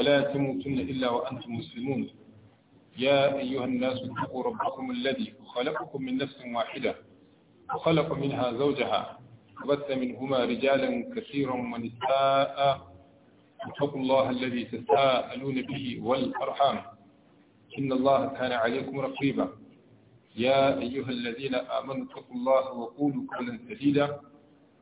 ولا تموتن إلا وأنتم مسلمون يا أيها الناس اتقوا ربكم الذي خلقكم من نفس واحدة وخلق منها زوجها وبث منهما رجالا كثيرا ونساء اتقوا الله الذي تساءلون به والأرحام إن الله كان عليكم رقيبا يا أيها الذين آمنوا اتقوا الله وقولوا قولا سديدا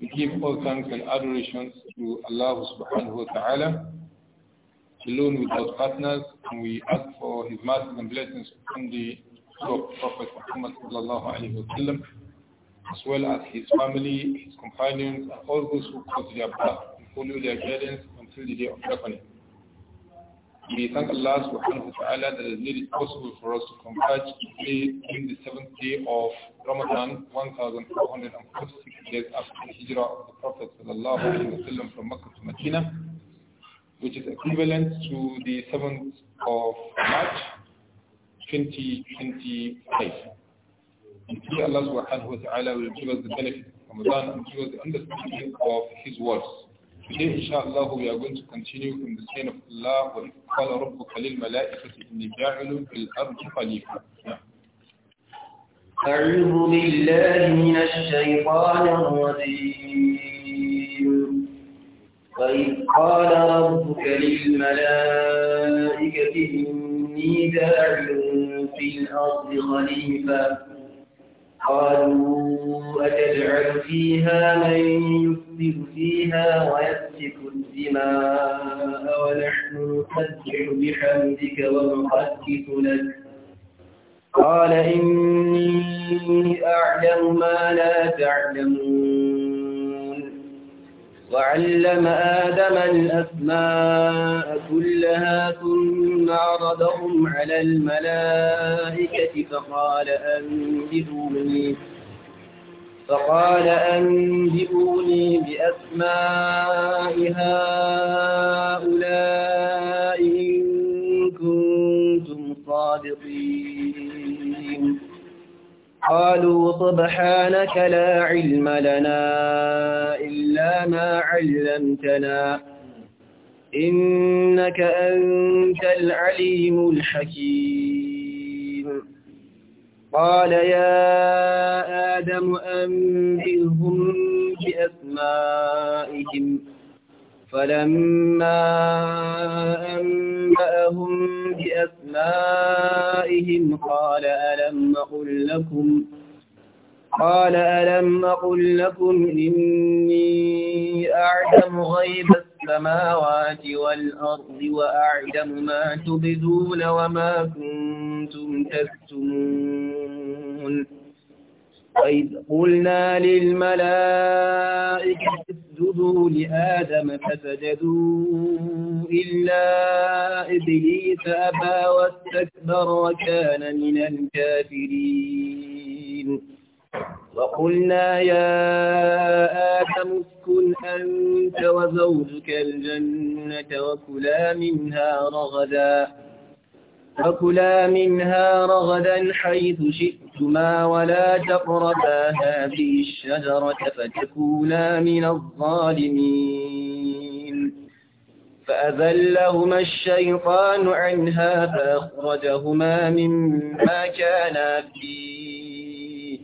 We give all thanks and adorations to Allah subhanahu wa ta'ala, alone without partners, and we ask for his mercy and blessings from the Prophet Muhammad sallallahu alayhi wa sallam, as well as his family, his companions, and all those who cause their path and follow their guidance until the day of reckoning. We thank Allah subhanahu wa ta'ala that it has made it possible for us to converge today in the seventh day of Ramadan, 1,446 days after the hijrah of the Prophet sallallahu alayhi wa from Makkah to Medina, which is equivalent to the 7th of March, 2025. And today Allah subhanahu wa ta'ala will give us the benefit of Ramadan and give us the understanding of His words. Today, inshallah, we are going to continue in the chain of Allah. وَقَالَ رَبُّكَ لِلْمَلَائِكَةِ إِنِّي جَاعِلٌ فِي الْأَرْضِ خَلِيفَةً أعوذ بالله من الشيطان الرجيم وإذ قال ربك للملائكة إني جاعل في الأرض خليفة قالوا أتجعل فيها من يفسد فيها ويسفك الدماء ونحن نسبح بحمدك ونقدس لك قال إني أعلم ما لا تعلمون وعلم آدم الأسماء كلها ثم عرضهم على الملائكة فقال أنبئوني فقال أنبئوني بأسماء هؤلاء إن كنتم صادقين قالوا سبحانك لا علم لنا إلا ما علمتنا إنك أنت العليم الحكيم قال يا آدم أنبئهم بأسمائهم فلما أنبأهم بأسمائهم أسمائهم قال ألم أقل لكم قال ألم أقل لكم إني أعلم غيب السماوات والأرض وأعلم ما تبدون وما كنتم تكتمون وإذ قلنا للملائكة اسجدوا لآدم فسجدوا إلا إبليس أبى واستكبر وكان من الكافرين وقلنا يا آدم اسكن أنت وزوجك الجنة وكلا منها رغداً فكلا منها رغدا حيث شئتما ولا تقربا هذه الشجرة فتكونا من الظالمين فأذلهما الشيطان عنها فأخرجهما مما كانا فيه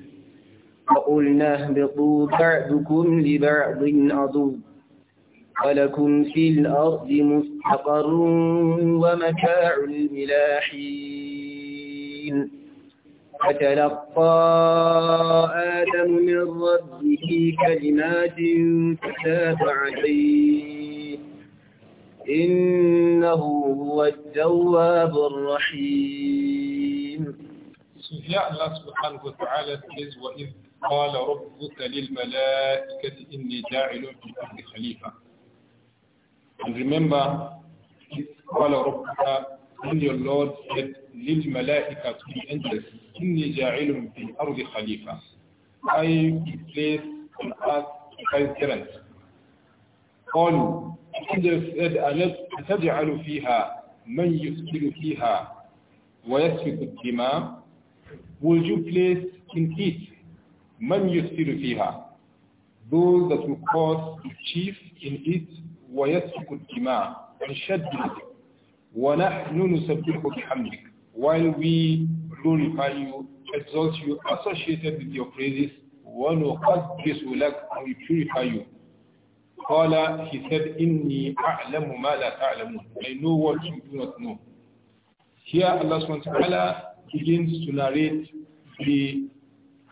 فقلنا اهبطوا بعدكم لبعض عدو ولكم في الأرض مستقر ومتاع الملاحين فتلقى آدم من ربه كلمات فتاب عليه إنه هو التواب الرحيم سبحان الله سبحانه وتعالى says وإذ قال ربك للملائكة إني جاعل في الأرض خليفة And remember, when your Lord said, لِلْمَلَائِكَةُ مِنْ أَنْجَلِسِ إِنِّي جَاعِلٌ فِي الْأَرْضِ خَلِيفَةً I place on earth five parents. قالوا angels said, أَتَجْعَلُ فِيهَا مَنْ يُسْكِلُ فِيهَا وَيَسْفِكُ الدِّمَاءِ Will you place in it مَنْ يُسْكِلُ فِيهَا Those that will cause the chief in it الدماء ونحن نسبح بحمدك while we glorify you, exalt you, associated with your praises, ونقدس لك and we purify you. قال he said إني أعلم ما لا تعلمون I know what you do not know. Here Allah subhanahu wa ta'ala begins to narrate the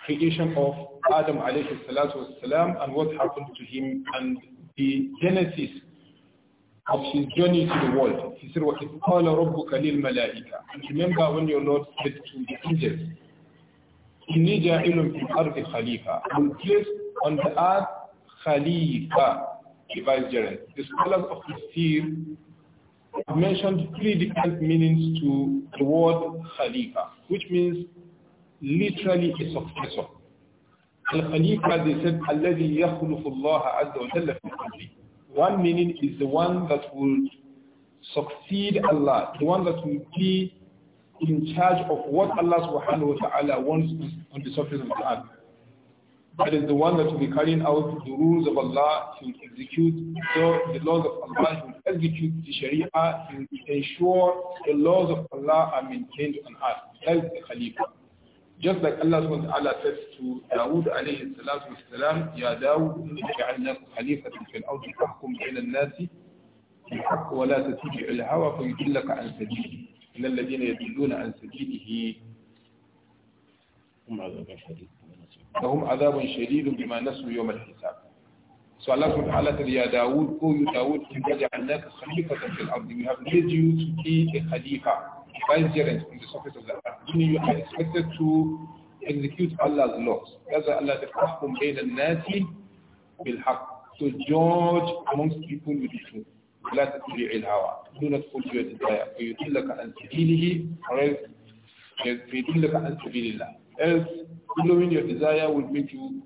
creation of Adam alayhi salatu and what happened to him and the genesis of his journey to the world. He said, "What is قَالَ رَبُّكَ لِلْمَلَائِكَ And remember when your Lord said to the angels, إِنِّي جَاعِلٌ فِي الْأَرْضِ Khalifa." I place on the earth Khalifa, the vicegerent. The scholars of the field have mentioned three different meanings to the word Khalifa, which means literally a successor. Al-Khalifa, they said, الَّذِي يَخْلُفُ اللَّهَ عَزَّ وَجَلَّ فِي one meaning is the one that will succeed Allah, the one that will be in charge of what Allah subhanahu wa ta'ala wants on the surface of the earth. That is the one that will be carrying out the rules of Allah, he will execute so the laws of Allah, he will execute the Sharia, he will ensure the laws of Allah are maintained on earth. That is the Khalifa. just like Allah subhanahu wa ta'ala says to Dawood alayhi salatu wa salam, Ya Dawood, inna ja'alnakum khalifatan fil ardi tahkum bayna an-nasi بالحق ولا تتبع الهوى فيضلك عن سبيله إن الذين يضلون عن سبيله هم عذاب شديد لهم عذاب شديد بما نسوا يوم الحساب So Allah subhanahu wa ta'ala said, Ya Dawood, O you Dawood, إِنَّا جَعَلْنَاكَ خَلِيفَةً فِي الْأَرْضِ We have made you to be a khalifa vigilant on the surface of the earth, meaning you are expected to execute Allah's laws. That's Allah تَحْكُمْ بَيْنَ النَّاسِ بِالْحَقِّ So judge amongst people with the truth. ولا تتبع الهوى do not follow your desire فيضلك عن سبيله or else فيضلك عن سبيل الله else following your desire will make you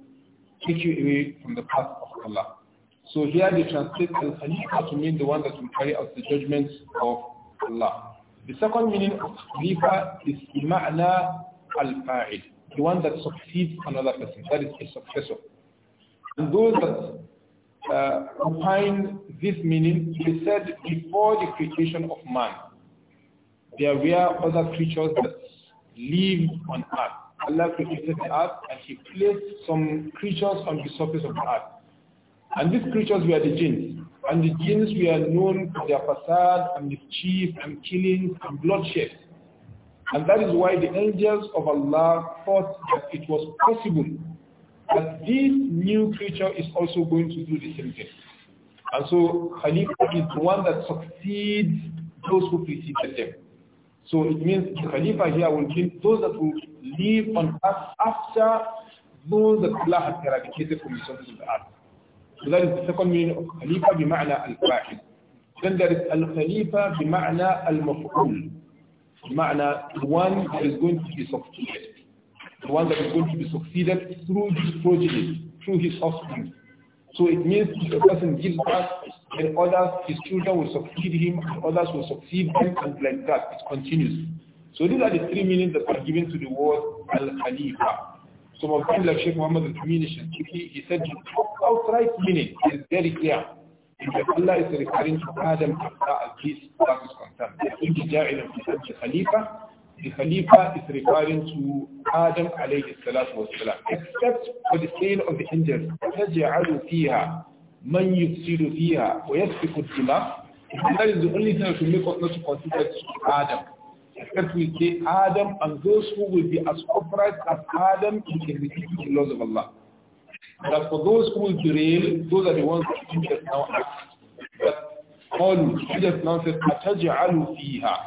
take you away from the path of Allah so here they translate al-khalifa to mean the one that will carry out the judgments of Allah the second meaning of riba is ma'na al-fa'il, the one that succeeds another person, that is a successor. And those that uh, find this meaning, they said before the creation of man, there were other creatures that lived on earth. Allah created the earth and he placed some creatures on the surface of the earth. And these creatures were the jinns. And the jinns were known for their facade and mischief and killing and bloodshed. And that is why the angels of Allah thought that it was possible that this new creature is also going to do the same thing. And so Khalifa is the one that succeeds those who preceded them. So it means Khalifa here will kill those that will live on earth after those that Allah has eradicated from the surface of the earth. So that is the second بمعنى is بمعنى المفعول. بمعنى one that is going to be succeeded. The one that is going to be succeeded through his progeny, through his offspring. So it means the person gives birth, and others, his children will succeed him, and others will succeed him, and like that. It continues. So these are the three meanings that are given to the word Al-Khalifa. Some of them, like Sheikh Muhammad al-Amin He said, he said outright meaning is very clear. Because Allah is referring to Adam as his class is concerned. The Khalifa, the Khalifa is referring to Adam alayhi salatu wa salam. Except for the sale of the angels. تَجْعَلُ فِيهَا مَنْ يُفْسِدُ فِيهَا وَيَسْفِكُ الدِّمَاءِ That is the only thing that will make us not to consider Adam except will be Adam and those who will be as upright as Adam in executing the laws of Allah. That for those who will derail, those are the ones that just now asked. But all just now says, أَتَجْعَلُ fiha."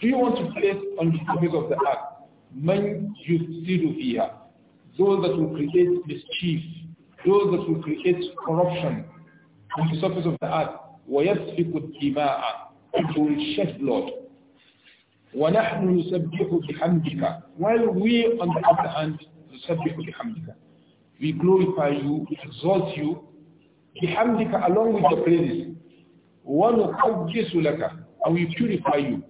Do you want to place on the surface of the earth مَنْ يُفْسِدُ فِيهَا Those that will create mischief, those that will create corruption on the surface of the earth, وَيَسْفِكُ الدِّمَاءَ Who will shed blood. وَنَحْنُ نُسَبِّحُ بِحَمْدِكَ While we on the other hand, نُسَبِّحُ بِحَمْدِكَ We glorify you, we exalt you, بِحَمْدِكَ along with your praises. وَنُقَدِّسُ لَكَ And we purify you.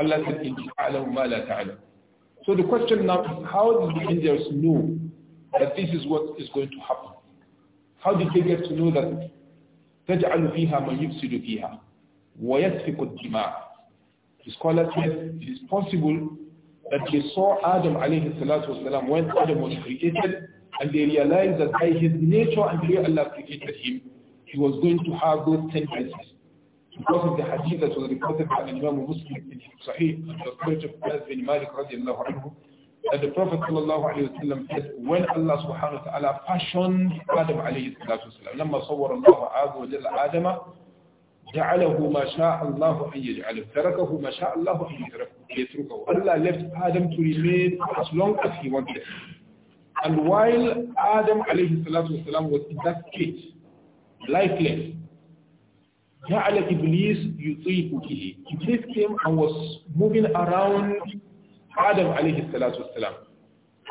Allah said, So the question now is, how did the angels know that this is what is going to happen? How did they get to know that تَجْعَلُ فِيهَا مَنْ يُفْسِدُ فِيهَا وَيَسْفِقُ الدِّمَاءَ it is possible that they saw Adam alayhi salatu wasalam when Adam was created and they realized that by his nature and the way Allah created him, he was going to have those tendencies. Because of the hadith that was reported by Imam Muslim in his Sahih, the spirit of Anas bin Malik radiallahu anhu, that the Prophet sallallahu alayhi wa sallam said, when Allah subhanahu wa ta'ala fashioned Adam alayhi salatu wasalam, لما صور الله عز وجل آدم ja'alahu ma sha Allah an yaj'al tarakahu ma sha Allah an yatrukahu Allah left Adam to remain as long as he wanted and while Adam عليه salatu wasalam was in that state lifeless جعل إبليس يطيب به Iblis came and was moving around Adam عليه الصلاة والسلام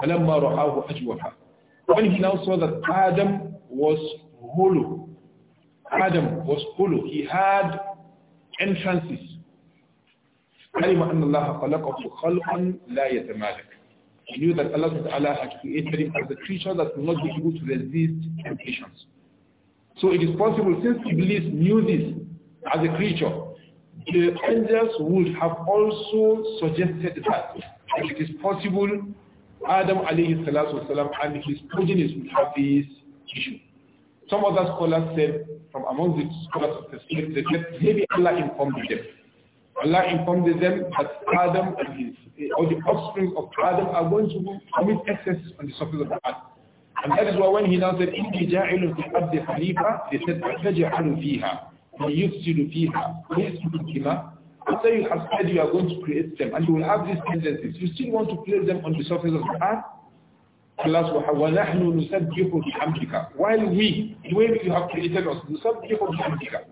فلما رآه أجوفا When he now saw that Adam was hollow Adam was hollow. He had entrances. He knew that Allah Ta'ala had created him as a creature that would not be able to resist temptations. So it is possible, since Iblis knew this as a creature, the angels would have also suggested that. it is possible Adam alayhi salatu wasalam and his progenies would have this issue. Some other scholars said from among the scholars of the Tafsir, they said maybe Allah informed them. Allah informed them that Adam and his, or the offspring of Adam are going to commit excess on the surface of the earth. And that is why when he now said, إِنِّي جَاعِلٌ فِي الْأَرْضِ خَلِيفَةً They said, فَتَجْعَلُ فِيهَا وَيُفْسِدُ فِيهَا وَيَسْمُ الْكِمَةِ After you have said you are going to create them and you will have these tendencies, you still want to place them on the surface of the earth? Allah subhanahu wa nahnu While we, the way you have created us, nusabbihu bihamdika.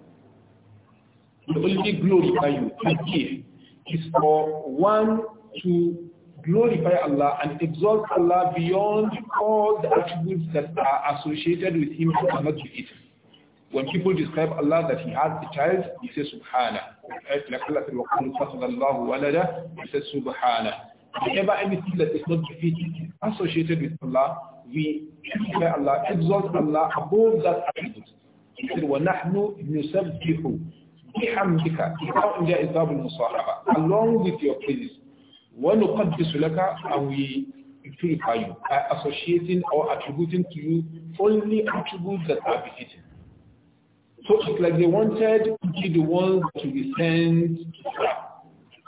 The only glorify you and give is for one to glorify Allah and exalt Allah beyond all the attributes that are associated with Him who cannot not with When people describe Allah that He has a child, they say Subhanah. Like Allah اللَّهُ He says Subhanah. Whenever anything that is not befitting associated with Allah, we purify Allah, exalt Allah above that attribute. He said, وَنَحْنُ نُسَبِّحُ بِحَمْدِكَ إِذَا إِنْجَا إِذَا بِالْمُصَاحَبَةِ Along with your praises. وَنُقَدِّسُ لَكَ And we purify you by associating or attributing to you only attributes that are befitting. So it's like they wanted to be the ones to be sent to the earth.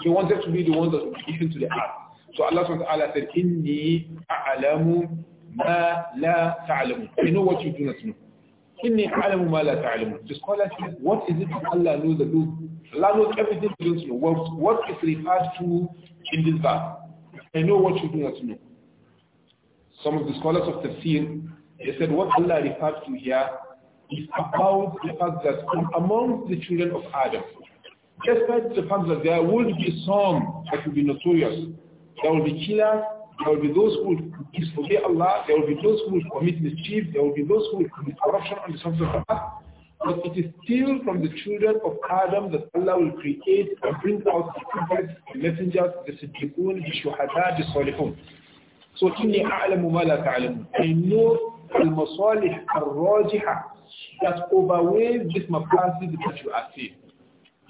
They wanted to be the ones that will be given to the earth. So Allah subhanahu wa ta'ala said, Inni a'alamu ma la ta'alamu. I know what you do not know. Inni a'alamu ma la ta'alamu. The scholar said, what is it that Allah knows that you Allah knows everything you don't know. What, what is referred to in this verse? I know what you do not know. Some of the scholars of tafsir, they said what Allah refers to here is about the fact that among the children of Adam, despite the fact that there would be some that would be notorious, there will be killers. There will be those who will disobey Allah. There will be those who will commit mischief. There will be those who will commit corruption on the surface of earth. But it is still from the children of Adam that Allah will create and bring out the prophets, the messengers, the siddiqun, the shuhada, the salihun. So, إِنِّي أَعْلَمُ مَا لَا تَعْلَمُ I know the masalih al-rajiha that overweighs this mafasid that you are seeing.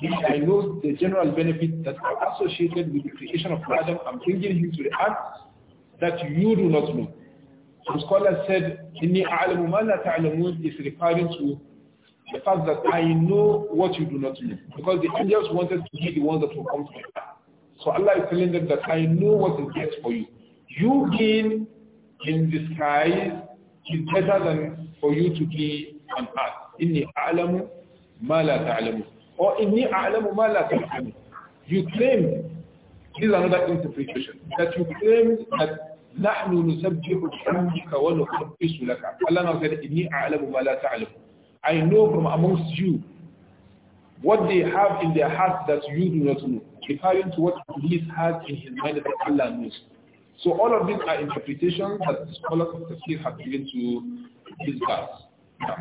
I know the general benefits that are associated with the creation of Adam and bringing him to the earth that you do not know. the scholar said, Inni a'lamu ma la ta'lamun is referring to the fact that I know what you do not know. Because the angels wanted to be the ones that will come to the earth. So Allah is telling them that I know what is best for you. You being in the sky is better than for you to be on earth. Inni a'lamu ma la ta'lamun. Or inni a'lamu ma la You claim, this is another interpretation, that you claim that نحن نسبح بحمدك ونقدس لك. Allah now said, inni a'lamu ma la ta'lamu. I know from amongst you what they have in their hearts that you do not know, referring to what Iblis has in his mind that Allah knows. So all of these are interpretations that the scholars of have given to his verse.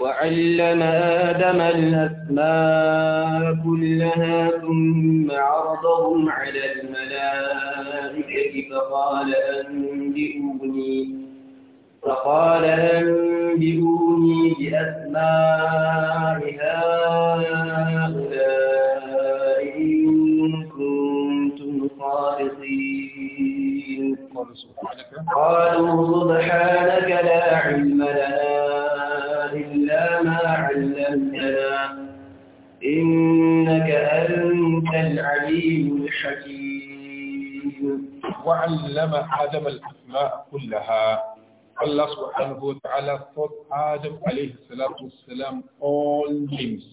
وعلم آدم الأسماء كلها ثم عرضهم على الملائكة فقال أنبئوني فقال أنبئوني بأسماء هؤلاء إن كنتم صادقين قالوا حكيم وعلم آدم الأسماء كلها الله سبحانه وتعالى ta'ala آدم عليه الصلاة والسلام all names.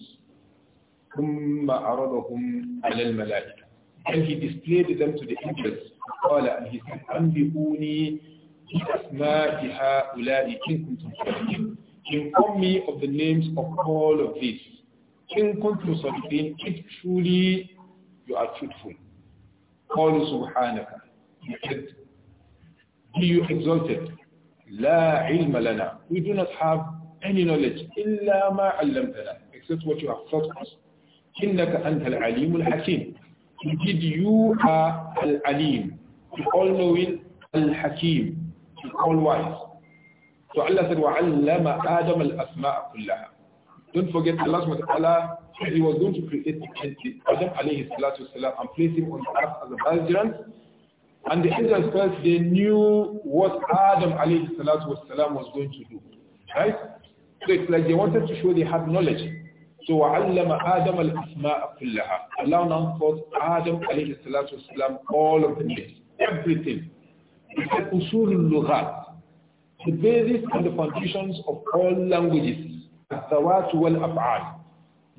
ثم عرضهم على الملائكة. And he displayed them to the angels. قال and he said, أنبئوني بأسماء هؤلاء إن كنتم صادقين. Inform me of the names of all of these. إن كنتم صادقين if truly you are truthful. قول سبحانك Be you exalted. لا علم لنا. We do not have any knowledge. إلا ما علمتنا. Except what you have taught us. إنك أنت العليم الحكيم. Indeed you are al-alim. The all-knowing al-hakim. The all-wise. So Allah said, وَعَلَّمَ آدَمَ الْأَسْمَاءَ كُلَّهَا Don't forget Allah he was going to create the Adam alayhi salatu salam and place him on the earth as a belligerent. And the angels first, they knew what Adam alayhi salatu salam was going to do. Right? So it's like they wanted to show they had knowledge. So وَعَلَّمَ Adam الْأَسْمَاءَ كُلَّهَا Allah now taught Adam alayhi salatu salam all of the names, everything. It's like usul lughat the basis and the foundations of all languages, الذوات والأفعال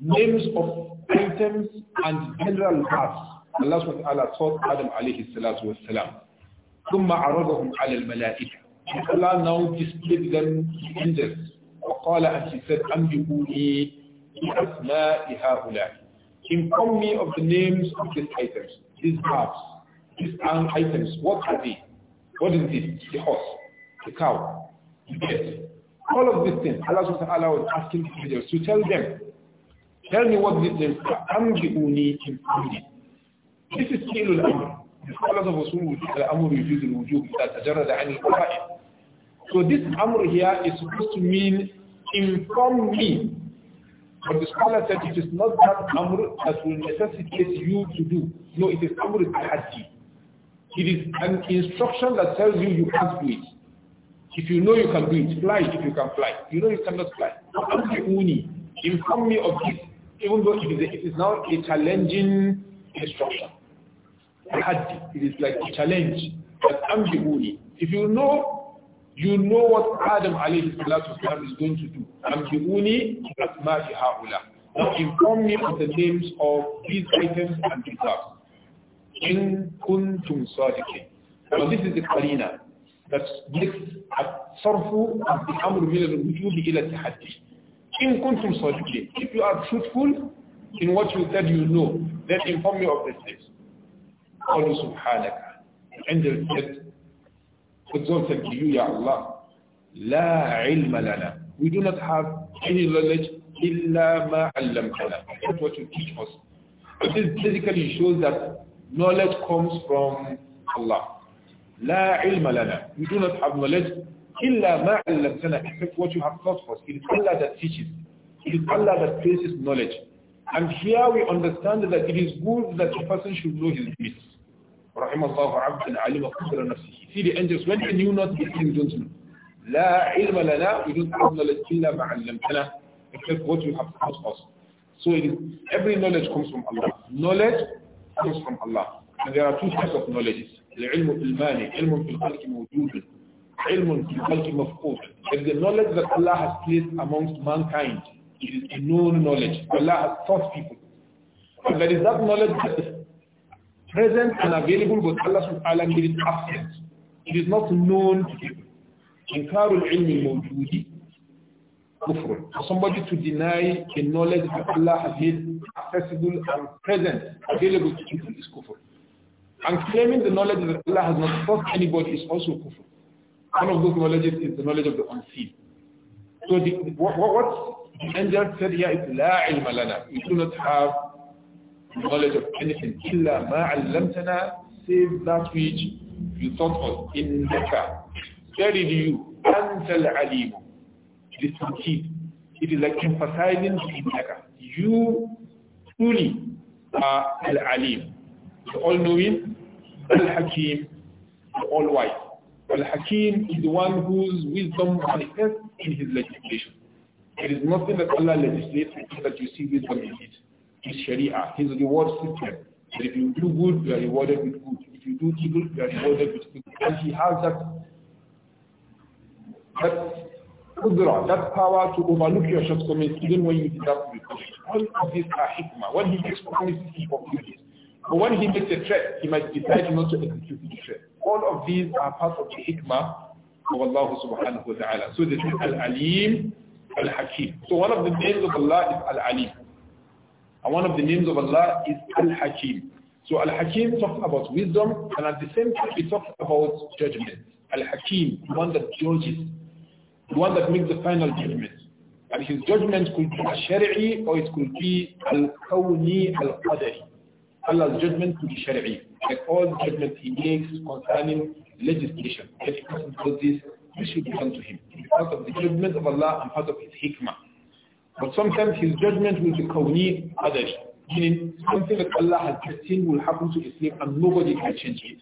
names of items and general verbs. Allah subhanahu wa ta'ala taught Adam alayhi salatu wa salam. ثم عرضهم على الملائكة. Allah now displayed them to angels. وقال and he said, أنبئوني بأسماء هؤلاء. Inform me of the names of these items, these verbs, these items. What are they? What is this? The horse, the cow, the bed. All of these things, Allah subhanahu wa ta'ala was asking the angels to tell them Tell me what this means. أَمْبِئُونِي إِمْكُونِي This is فعل الأمر. The scholars of Usul will say الأمر يجوز الوجوب إذا تجرد عن القرائن. So this amr here is supposed to mean inform me. But the scholar said it is not that amr that will necessitate you to do. No, it is amr tahaddi. It is an instruction that tells you you can't do it. If you know you can do it, fly if you can fly. You know you cannot fly. Amri uni, inform me of this even though it is, a, it is now a challenging instruction. It is like a challenge. But If you know, you know what Adam alayhi salatu wasalam is going to do. Ambiguity asma'i Now inform me of the names of these items and these tasks. In kuntum sadiqin. Now this is the kalina that makes a sarfu of the amr min al-wujud ila tahaddi. In kuntum sadiqin. If you are truthful in what you said you know, then inform me of this. things. قالوا سبحانك عند said, Exalt said to you, Ya Allah, لا We do not have any knowledge illa ma علمتنا. That's what you teach us. This basically shows that knowledge comes from Allah. لا علم لنا. We do not have knowledge إِلَّا مَا عَلَّمْتَنَا Except what you have taught us. It is Allah that teaches. It is Allah that places knowledge. And here we understand that it is good that a person should know his limits. Rahimallahu abdan alima qadra nafsihi. See the angels, when they knew not, they don't know. لا علم لنا, we don't have knowledge إلا ما علمتنا, except what you have taught us. So it is, every knowledge comes from Allah. Knowledge comes from Allah. And there are two types of knowledge. العلم في المال, علم في الخلق موجود ilmun mafqud. If the knowledge that Allah has placed amongst mankind is a known knowledge, Allah has taught people. But there is that knowledge that is present and available, but Allah subhanahu wa ta'ala absent. It is not known to people. Inkarul ilmi mawjudi kufr. For somebody to deny the knowledge that Allah has made accessible and present, available to people is kufr. And claiming the knowledge that Allah has not taught anybody is also kufr. One of those knowledges is the knowledge of the unseen. So the, what, what the angel said here is لا علم لنا. We do not have knowledge of anything. إلا ما علمتنا save that which you taught us. إنك Verily you, أنت العليم. It is key. It is like emphasizing the إنك. You truly are al-alim, the all-knowing, the all hakim the all-wise. Al-Hakim is the one whose wisdom manifests in his legislation. It is nothing that Allah legislates that you see wisdom in it. His Sharia, his reward system. That if you do good, you are rewarded with good. If you do evil, you are rewarded with evil. And he has that that that power to overlook your shortcomings even when you deserve to be punished. All of these are hikmah. When he makes promises, he fulfills it. But when he makes a threat, he might decide not to execute the threat. All of these are part of the hikmah of Allah subhanahu wa ta'ala. So this is Al-Alim, Al-Hakim. So one of the names of Allah is Al-Alim. And one of the names of Allah is Al-Hakim. So Al-Hakim talks about wisdom and at the same time he talks about judgment. Al-Hakim, the one that judges, the one that makes the final judgment. And his judgment could be al-shari'i or it could be al-kawni al-qadari. Allah's judgment could be shari'i like all judgment he makes concerning legislation. If a person does this, should come to him. part of the judgment of Allah and part of his hikmah. But sometimes his judgment will be kawni qadr, meaning something that Allah has destined will happen to Islam and nobody can change it.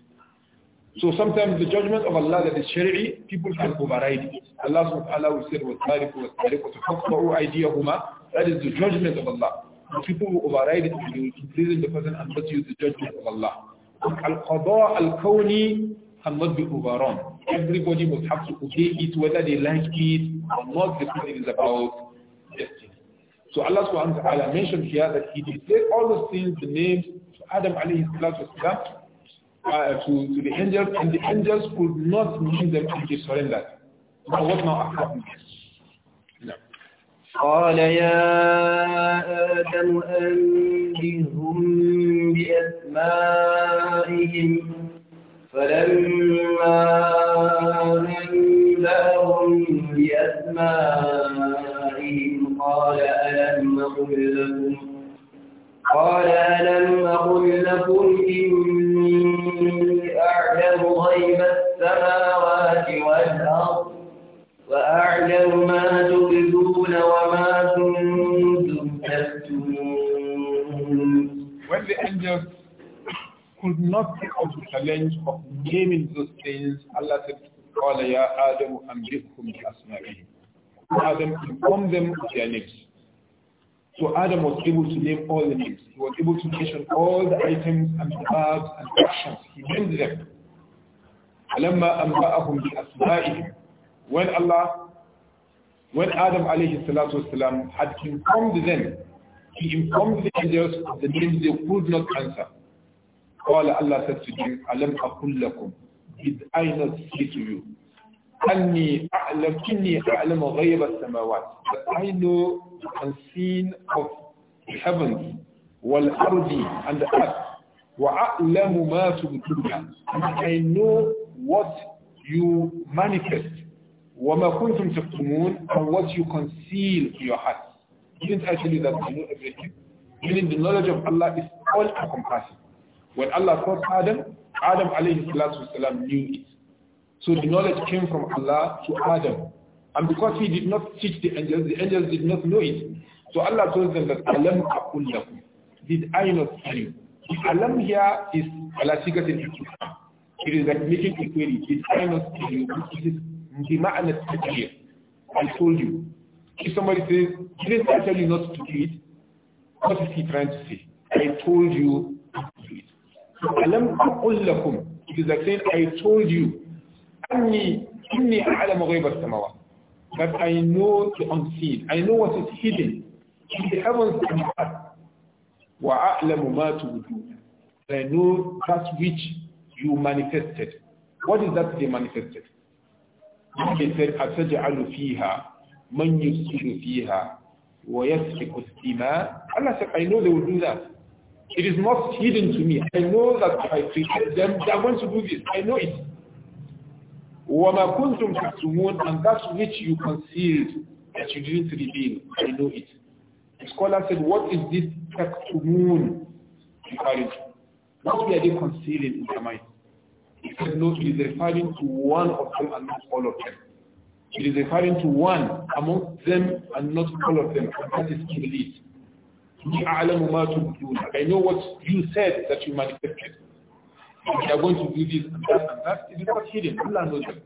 So sometimes the judgment of Allah that is shari'i, people can override it. Allah subhanahu wa ta'ala will say, وَالْتَارِكُ وَالْتَارِكُ وَتَقْطَعُ أَيْدِيَهُمَا That is the judgment of Allah. people will override it and they will imprison the person and not use the judgment of Allah. Al-Qadha al-Kawni cannot be overrun. Everybody must have to obey it whether they like it or not. The thing is about destiny. So Allah subhanahu wa ta'ala mentioned here that he displayed all the things, the names to Adam alayhi salatu uh, to, to the angels, and the angels could not name them to they surrendered. Now what now happened? قال يا آدم أنبئهم بأسمائهم فلما أنبأهم بأسمائهم قال ألم أقل لكم قال ألم أقل لكم إني أعلم غيب السماوات والأرض وأعلم ما تبدون When the angels could not take up the challenge of naming those things, Allah said, قال يا آدم أنبئهم بأسمائهم Adam informed them of their names. So Adam was able to name all the names. He was able to mention all the items and verbs and actions. He named them. فلما أنبأهم بأسمائهم When Allah when Adam alayhi had informed them, he informed the angels of the names they could not answer. All Allah said to him, Alam akullakum, did I not say to you, Anni a'lam, inni a'lam ghayba samawat, that I know unseen of the heavens, wal ardi and the earth, wa a'lamu ma and I know what you manifest وَمَا كُنْتُمْ تَكْتُمُونَ And what you conceal in your heart. Didn't I tell you that I know everything? Meaning the knowledge of Allah is all encompassing. When Allah taught Adam, Adam alayhi salatu wasalam knew it. So the knowledge came from Allah to Adam. And because he did not teach the angels, the angels did not know it. So Allah told them that Alam akul lakum. Did I not tell you? The alam here is ala It is like making a query. Did I not tell you? بمعنى التكليف I told you. If somebody says, didn't I tell you not to do it? What is he trying to say? I told you not to do it. أَلَمْ أَقُلْ لَكُمْ It is like saying, I told you. أَنِّي إِنِّي أَعْلَمُ غَيْبَ السَّمَوَاتِ But I know the unseen. I know what is hidden in the heavens and the earth. وَأَعْلَمُ مَا تُبْدُونَ I know that which you manifested. What is that they manifested? wanda sai a saja alufiha man yusiru fiha wa yasfiku stima Allah said I know they will do that it is not hidden to me I know that I created them they are going to do this I know it وما كنتم تكتمون and that which you concealed that you didn't reveal I know it the scholar said what is this تكتمون referring to what are they concealing in their mind he said, no, it is referring to one of them and not all of them. It is referring to one among them and not all of them. And that is Iblis. I know what you said that you manifested. you are going to do this and that and that. It is not hidden. Allah knows it.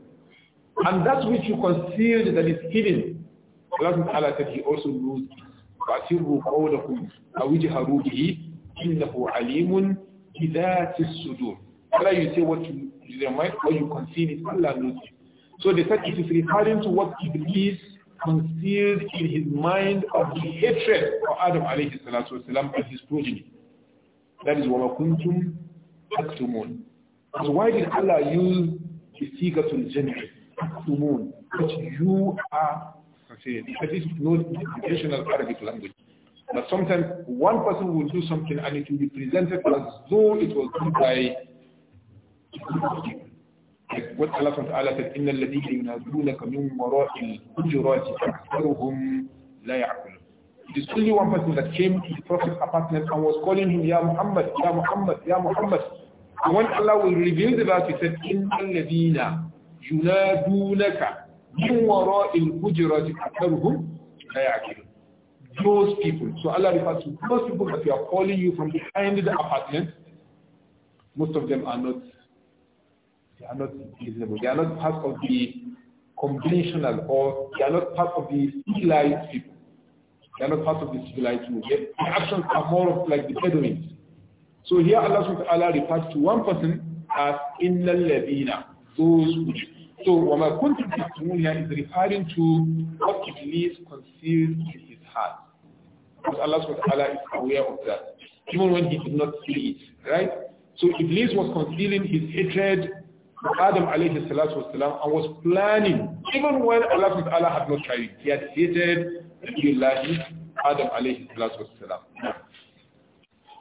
And that which you concealed that is hidden, Allah Ta'ala said He also knows it. فَأَسِرُّوا قَوْلَكُمْ knows. بِهِ إِنَّهُ عَلِيمٌ بِذَاتِ الصُّدُورِ whether you say what you, is your mind or you conceal it, Allah knows you. So they said it is referring to what Iblis concealed in his mind of the hatred for Adam alayhi salatu wasalam and his progeny. That is what kuntum aktumun. So why did Allah use the sigatul jannah, aktumun, which you are concealing? Because this is known in traditional Arabic language. But sometimes one person will do something and it will be presented as though it was done by what Allah subhanahu said, إِنَّ الَّذِينَ يُنَازِلُونَكَ مِنْ وَرَاءِ الْحُجُرَاتِ أَكْثَرُهُمْ لَا يَعْقِلُونَ It is only one person that came to the Prophet's apartment and was calling him, Ya Muhammad, Ya Muhammad, Ya Muhammad. And when Allah will reveal the verse, he said, إِنَّ الَّذِينَ يُنَادُونَكَ مِنْ وَرَاءِ الْحُجُرَاتِ أَكْثَرُهُمْ لَا يَعْقِلُونَ Those people. So Allah refers to those people that are calling you from behind the apartment. Most of them are not they are not reasonable. They are not part of the conventional or they are not part of the civilized people. They are not part of the civilized people. The actions are more of like the Bedouins. So here Allah subhanahu wa ta'ala refers to one person as Inna Ladina, those who so Wama Kuntum Tasmunia is referring to what Iblis concealed in his heart. Because Allah subhanahu wa ta'ala is aware of that. Even when he did not see it, right? So Iblis was concealing his hatred Adam alayhi salatu wasalam and was planning, even when Allah subhanahu Ta'ala had not tried it, he had hated Nabiullahi Adam alayhi salatu wasalam.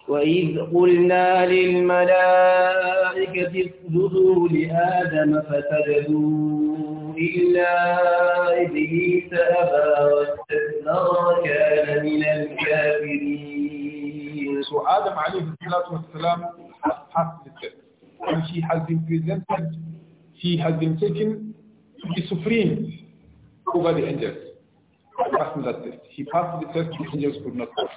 وإذ قلنا للملائكة اسجدوا لآدم فسجدوا إلا إبليس أبى واستكبر وكان من الكافرين. So Adam عليه الصلاة والسلام has passed and she has been presented, she has been taken to be supreme over the angels. Passing that test. He passed the test the angels could not pass.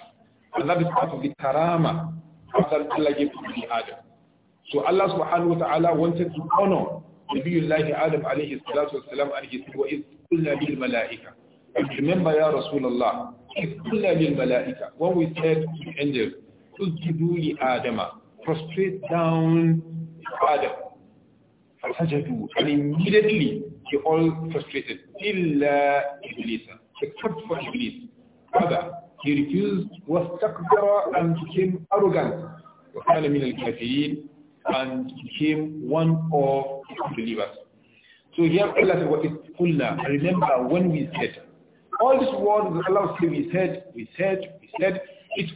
And that is part of the karama that Allah gave to Adam. So Allah subhanahu wa ta'ala wanted to honor Nabiullah Adam alayhi salatu wasalam and he said, وَإِذْ قُلْنَا Malaika." And remember, Ya Rasulullah, إِذْ قُلْنَا Malaika." When we said to the angels, اسْجُدُوا لِآدَمَ Prostrate down Adam. فَسَجَدُوا And immediately he all frustrated. إِلَّا إِبْلِيسَ Except for Iblis. Rather, he refused وَاسْتَكْبَرَ and became arrogant. وَكَانَ مِنَ الْكَافِرِينَ and became one of the believers. So here Allah said, what is Qulna? Remember when we said, all these words that Allah said, we said, we said, we said, it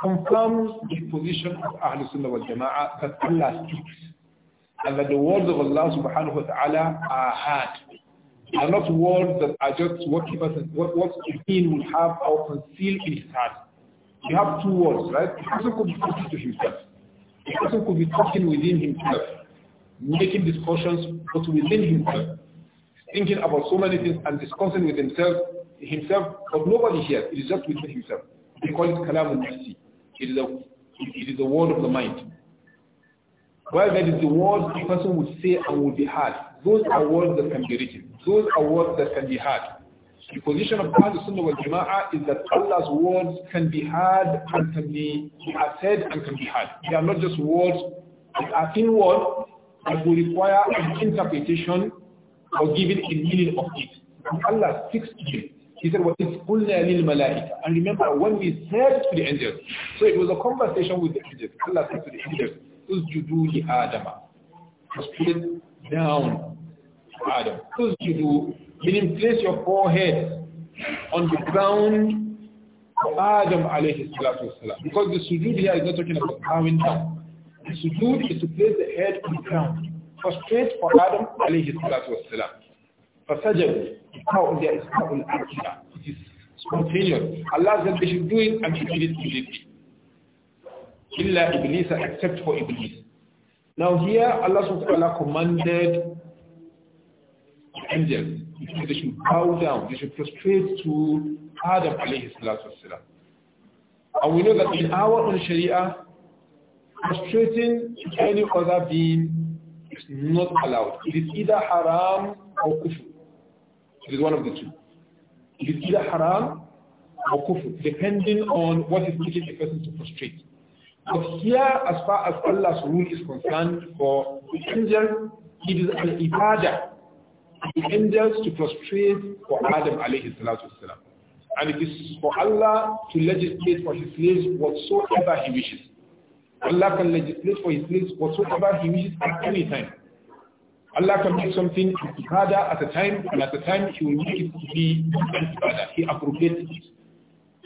confirms the position of Ahlul Sunnah wal Jama'ah that Allah speaks and that the words of Allah subhanahu wa ta'ala are heard. Are not words that are just what a person, what, what a being will have or conceal in his heart. You have two words, right? The person could be talking to himself. The person could be talking within himself, making discussions, but within himself, thinking about so many things and discussing with himself, himself, but nobody here is It is just within himself. They call it kalam nafsi. It is a, it is a word of the mind. While that is the word, the person would say and would be heard. Those are words that can be written. Those are words that can be heard. The position of Ahlul Sunnah wal Jama'ah is that Allah's words can be heard and can be, are said and can be heard. They are not just words they are words, that will require an interpretation or giving a meaning of it. And Allah speaks to it. He said, "What is lil malaika?" And remember, when we said to the angels, so it was a conversation with the angels. Allah said to the angels, Adam, put it down to Adam. أُسْجُدُوا, meaning place your forehead on the ground for Adam alayhi salatu wasalam. Because the sujood here is not talking about bowing down. The sujood is to place the head on the ground. Prostrate for Adam alayhi salatu wasalam. فَسَجَدُوا Kifa'un there is kifa'un akida. It is spontaneous. Allah said they should do it and they did it immediately. Illa Iblis except for Iblis. Now here Allah subhanahu wa taala commanded the angels. They should bow down. They should prostrate to Adam alayhi salatu wasalam. And we know that in our own Sharia, prostrating to any other being is not allowed. It is either haram or kufr. It is one of the two. It is either haram or kufr, depending on what is making the person to prostrate. But here, as far as Allah's rule is concerned, for the angels, it is an ibadah. The angels to prostrate for Adam alayhi salatu wasalam. And it is for Allah to legislate for his slaves whatsoever he wishes. Allah can legislate for his slaves whatsoever he wishes at any time. Allah can make something ibadah at a time, and at a time He will make it to be ibadah. He appropriates it.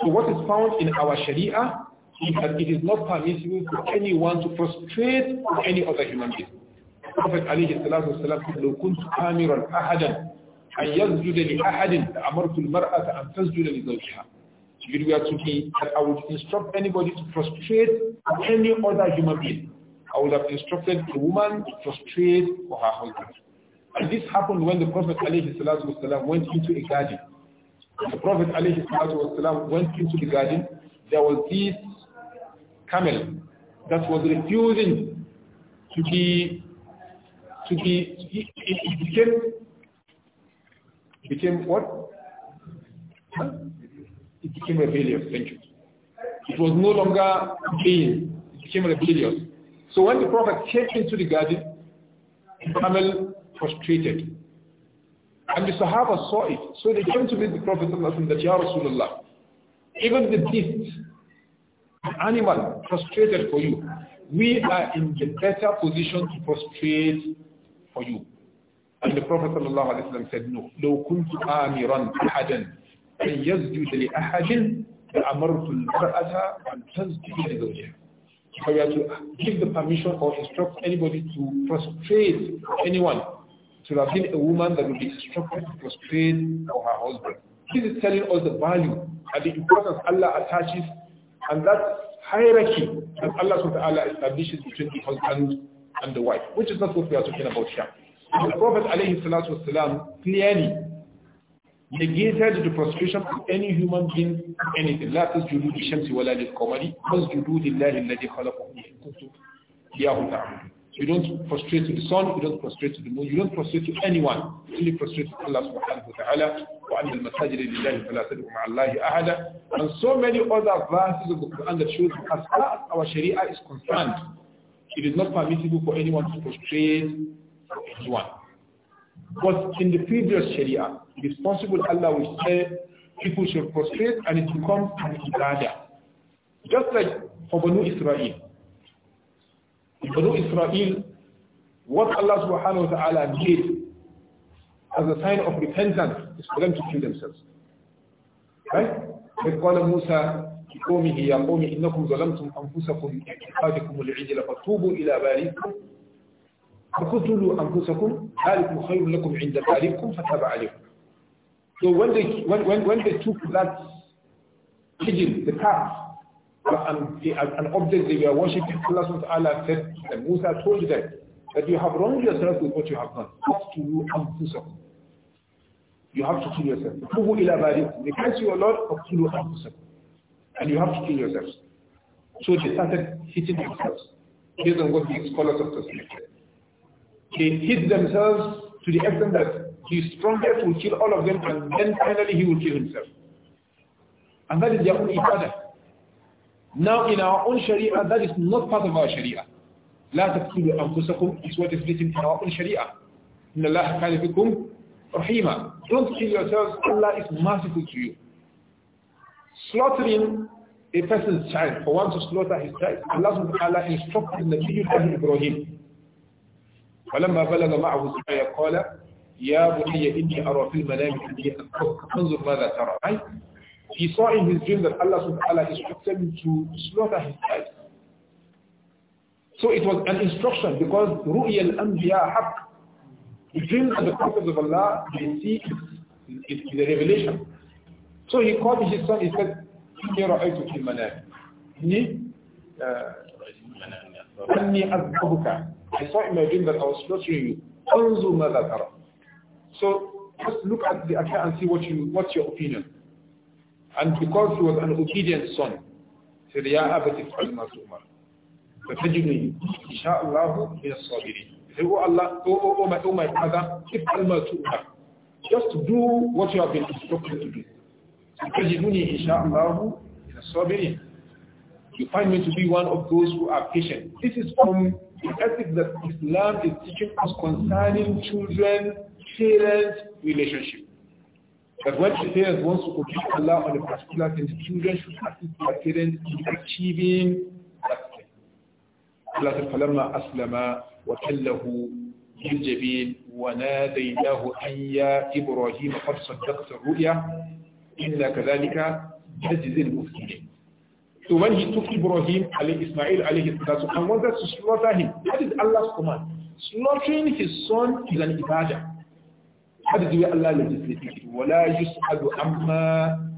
So what is found in our Sharia is that it is not permissible for anyone to prostrate to any other human being. Prophet عليه الصلاة والسلام said, لو كنت آمرا أحدا أن يسجد لأحد لأمرت المرأة أن تسجد لزوجها. If it were to be that I would instruct anybody to prostrate to any other human being, I would have instructed a woman to prostrate for her husband. And this happened when the Prophet ﷺ went into a garden. The Prophet ﷺ went into the garden. There was this camel that was refusing to be to be it, became became what? It became rebellious. Thank you. It was no longer being. It became rebellious. So when the Prophet came into the garden, Camel prostrated. And the Sahaba saw it. So they came to meet the Prophet that, Ya Rasulullah, even the beast, the animal prostrated for you, we are in the better position to prostrate for you. And the Prophet ﷺ said, No, لو كنت آمرا أحدا أن يسجد لأحد لأمرت المرأة أن تسجد لزوجها if you are to give the permission or instruct anybody to prostrate anyone, to have been a woman that would be instructed to prostrate for her husband. This is telling us the value and the importance Allah attaches and that hierarchy that Allah with wa ta'ala establishes between the husband and the wife, which is not what we are talking about here. The Prophet ﷺ clearly negated the prostration of any human being anything لا تسجدوا للشمس ولا للقمر فاسجدوا لله الذي خلقهم إن كنتم إياه تعبدون You don't prostrate to the sun, you don't prostrate to the moon, you don't prostrate to anyone. You only prostrate to Allah subhanahu wa ta'ala. وَأَنَّ الْمَسَاجِدَ لِلَّهِ فَلَا تَدْعُوا مَعَ اللَّهِ أَحَدًا And so many other verses of the Quran that shows as far as our Sharia is concerned, it is not permissible for anyone to prostrate to anyone. But in the previous Sharia, it is possible Allah will say people should prostrate and it becomes an ibadah. Just like for Banu Israel. In Banu Israel, what Allah subhanahu wa ta'ala did as a sign of repentance is for them to kill themselves. Right? قال موسى لقومه يا قوم إنكم ظلمتم أنفسكم باعتقادكم العجل فتوبوا إلى بارئكم فقتلوا أنفسكم ذلكم خير لكم عند بارئكم فتاب عليكم so when they when when, when they took that pigeon, the calf, uh, and the, an object they were worshipping, Allah said to them, Musa told them that you have wronged yourself with what you have done. Up to you anfusakum. You have to kill yourself. Because you are Lord, uqtulu anfusakum. And you have to kill yourselves. So they started hitting themselves based on what the scholars of Testament said. They hit themselves to the extent that his strongest will kill all of them and then finally he will kill himself. And that is their own ibadah. Now in our own sharia, that is not part of our sharia. لا تقتلوا أنفسكم is what is written in our own sharia. إن الله كان بكم رحيما. Don't kill yourselves, Allah is merciful to you. Slaughtering a person's child, for one to slaughter his child, Allah subhanahu instructed of Ibrahim. فلما بلغ معه السعي قال يا بني إني أرى في المنام أني أنظر ماذا ترى right? He saw in his dream that Allah subhanahu wa ta'ala instructed him to slaughter his eyes. So it was an instruction because رؤيا الأنبياء حق. The dream and the prophets of Allah, they see it in the revelation. So he called his son, he said, إني رأيت في المنام. إني أني أذبحك. I saw in my dream that I was slaughtering you. انظر ماذا ترى. So just look at the affair and see what you, what's your opinion. And because he was an obedient son, he said, Ya فتجدني إن شاء الله من الصابرين. He said, Oh Allah, oh, oh, oh, my, oh my father, Just do what you have been instructed to do. فتجدني إن شاء الله من الصابرين. You find me to be one of those who are patient. This is from the ethic that Islam is teaching us concerning children parent relationship. That when the parent wants to obey Allah on a particular thing, the children should assist their parents in achieving that thing. Allah said, فَلَمَّا أَسْلَمَا وَكَلَّهُ لِلْجَبِينِ وَنَادَيْنَاهُ أَنْ يَا إِبْرَاهِيمَ قَدْ صَدَّقْتَ الرُّؤْيَا إِنَّا كَذَلِكَ نَجْزِي الْمُحْسِنِينَ So when he took Ibrahim, Ismail, and wanted to slaughter him, that is Allah's command. Slaughtering his son is an ibadah. How did we Allah legislate it? وَلَا يُسْأَلُ عَمَّا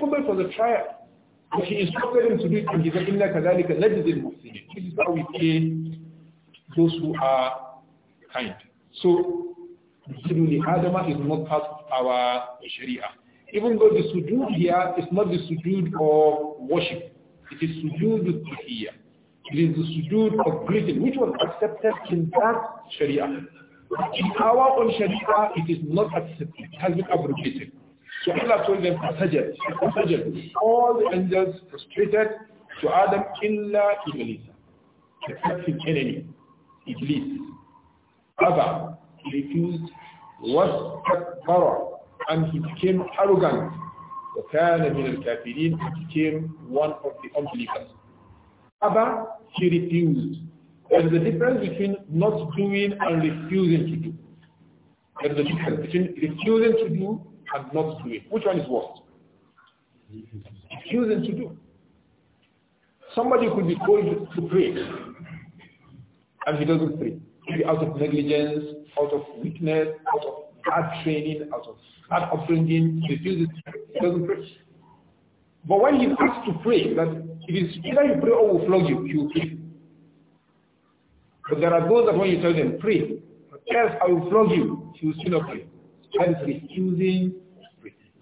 Remember for the trial. But he instructed him to do it and he said, إِنَّا كَذَلِكَ لَجِزِ الْمُحْسِنِينَ This is how we pay those who are kind. So, Zidul Adama is not part of our Sharia. Even though the sujood here is not the sujood of worship. It is sujood here. It is the sujood of greeting, which was accepted in that Sharia. In our own Sharia, it is not accepted. It has been abrogated. So Allah told them, Sajad, Sajad. All the angels prostrated to Adam, illa Iblis. Except his enemy, Iblis. Adam refused, was takbara, and he became arrogant. وَكَانَ مِنَ الْكَافِرِينَ He became one of the unbelievers. Abba, he refused. There is a difference between not doing and refusing to do. There is a difference between refusing to do and not doing. Which one is worse? Refusing to do. Somebody could be called to pray and he doesn't pray. Maybe out of negligence, out of weakness, out of bad training, out of bad upbringing, he refuses to pray. He doesn't pray. But when he asked to pray, that it is either you pray or will flog you, you pray. But there are those that when you tell them, pray, else I will flog you, she will still not pray. That is refusing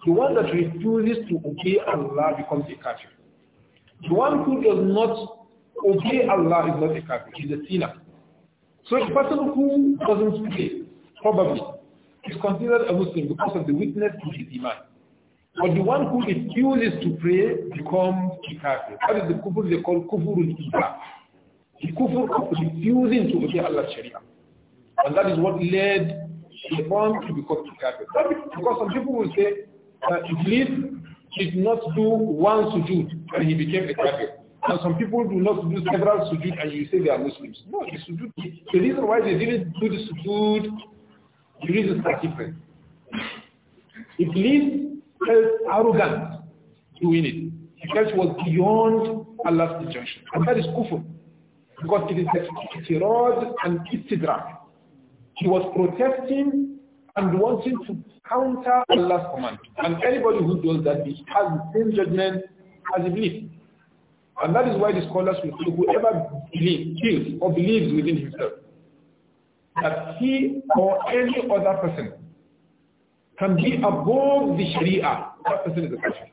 The one that refuses to obey Allah becomes a kafir. The one who does not obey Allah is not a kafir, he's a sinner. So a person who doesn't pray, probably, is considered a Muslim because of the weakness to his iman. But the one who refuses to pray becomes a kafir. That is the kufur they call kufurul iman the kufr of refusing to obey Allah's Sharia. And that is what led Shaitan to become kafir. Because some people will say that uh, Iblis did not do one sujood and he became a kafir. And some people do not do several sujood and you say they are Muslims. No, the sujood, the reason why they didn't do the sujood, the reasons are different. Iblis felt arrogant doing it. Because it was beyond Allah's injunction. And that is kufr. Because it is istirad and istidrak. He was protesting and wanting to counter Allah's command. And anybody who does that he has the same judgment as he believes. And that is why the scholars will say whoever believes, kills or believes within himself that he or any other person can be above the Sharia, that person is a kafir.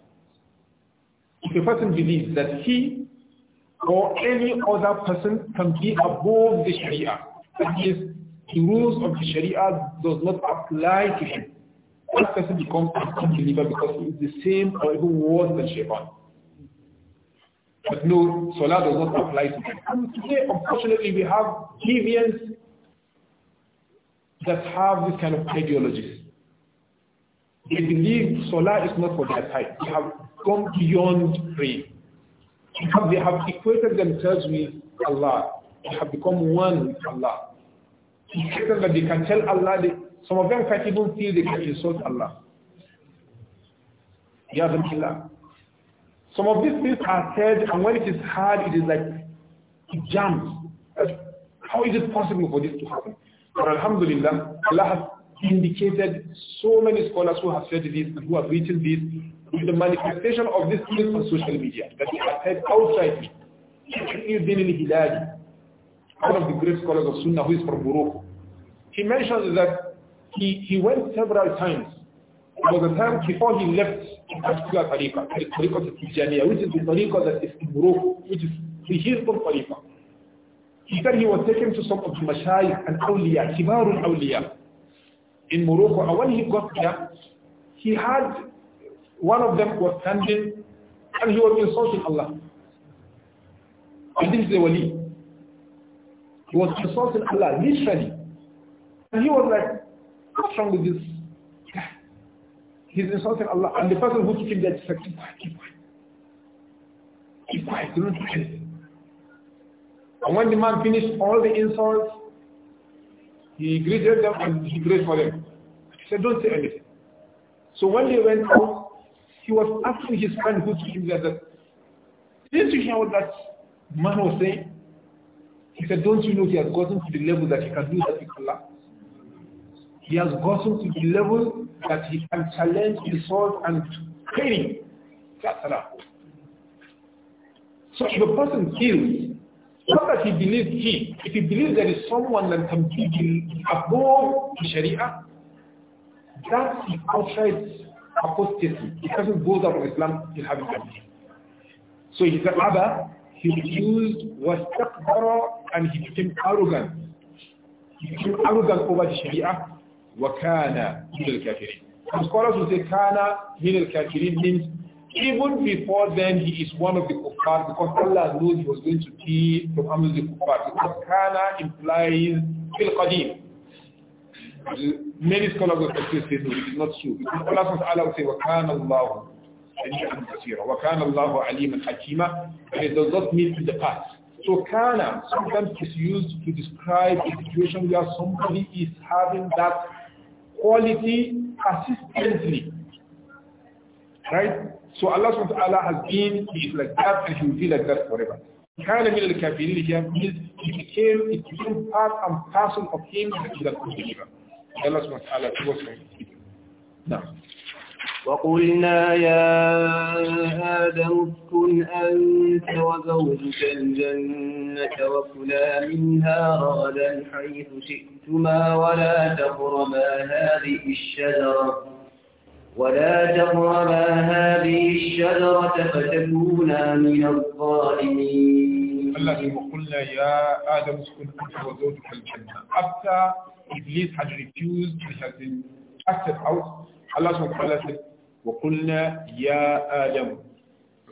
If a person believes that he or any other person can be above the Sharia. That is, the rules of the Sharia does not apply to him. That person becomes a unbeliever because he is the same or even worse than Shaitan. But no, Salah does not apply to him. And today, unfortunately, we have deviants that have this kind of ideologies. They believe Salah is not for their type. They have gone beyond prayer because they have equated themselves with Allah. They have become one with Allah. Equated that they can tell Allah, they, some of them can even feel they can insult Allah. Yadamillah. Some of these things are said, and when it is hard, it is like, it jumps. How is it possible for this to happen? But Alhamdulillah, Allah has indicated so many scholars who have said this and who have written this is the manifestation of this thing on social media that we have heard outside Ibn al one of the great scholars of Sunnah who is from Morocco. He mentions that he, he went several times. It was a time before he left particular tariqa, the tariqa of Tijaniya, which is the tariqa that is in Morocco, which is the Hizbun tariqa. He said he was taken to some of the mashayikh and awliya, kibarul awliya in Morocco. And when he got there, he had one of them was standing and he was insulting Allah. And this is the wali. He was insulting Allah, literally. And he was like, what's wrong with this He's insulting Allah. And the person who took him there just like, keep quiet, keep quiet. Keep quiet, do not do anything. And when the man finished all the insults, he greeted them and he prayed for them. He said, don't say anything. So when they went out, he was asking his friend who's to him that didn't you hear what that man was saying? He said, Don't you know he has gotten to the level that he can do that with Allah? He has gotten to the level that he can challenge, resolve, and train That's So if a person kills, not that he believes he, if he believes there is someone that can be above the Sharia, that is outside apostasy. If person goes out of Islam, he'll have Islam. So he said, Abba, he refused, was and he became arrogant. He became arrogant over the Sharia. وَكَانَ مِنَ الْكَافِرِينَ Some scholars will say kana min al-kafirin means even before then he is one of the kuffar because Allah knew he was going to be from among the kuffar because kana implies fil qadim many scholars of Tafsir say no, it is not true. Because Allah subhanahu wa ta'ala will وَكَانَ اللَّهُ سَمِيعًا بَصِيرًا وَكَانَ اللَّهُ عَلِيمًا حَكِيمًا But it does not mean in the past. So kana sometimes is used to describe a situation where somebody is having that quality persistently. Right? So Allah subhanahu wa ta'ala has been, He is like that and He will be like that forever. Kana min al-kafirin here means it became, it became part and parcel of Him that He does not deliver. جلس مسألة وسعي نعم وقلنا يا آدم اسكن أنت وزوجك الجنة وكلا منها رغدا حيث شئتما ولا تقربا هذه الشجرة ولا تقربا هذه الشجرة فتكونا من الظالمين Allah says, وَقُلْنَا يَا آدَمُ اسْكُنْ أَنْتَ وَزَوْجُكَ الْجَنَّةَ After Iblis had refused he had been casted out, Allah subhanahu wa said, وَقُلْنَا يَا آدَمُ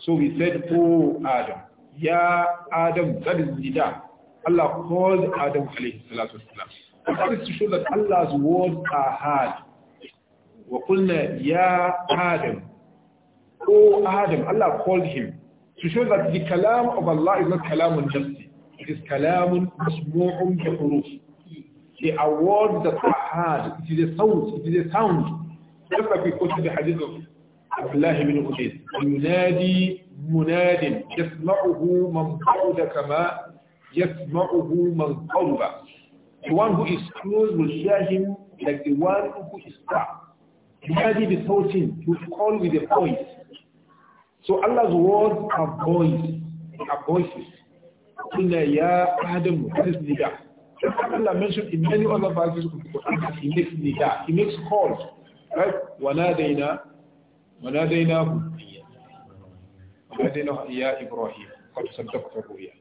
So we said, oh Adam, Ya Adam, that is Nida. Allah called Adam alayhi salatu wasalam. That is to show that Allah's words are hard. وَقُلْنَا يَا آدَمُ O oh Adam, Allah called him to show that the kalam of Allah is not kalamun nafsi. It is kalamun masmu'un bi huruf. The words that are heard. It is a sound. It is a sound. Just like we quoted the hadith of Abdullah ibn Ubayd. ينادي مناد يسمعه من بعد كما يسمعه من قرب. The one who is close will hear him like the one who is far. ينادي بصوت. He will call with a voice. So Allah's words are voice, are voices. Ya Adam, nida. Allah mentioned in many other verses he makes nida, he makes calls. Right? وَنَادَيْنَا وَنَادَيْنَا وَنَادَيْنَا ya Ibrahim, قَدْ صَدَّقْتَ الرُّؤْيَا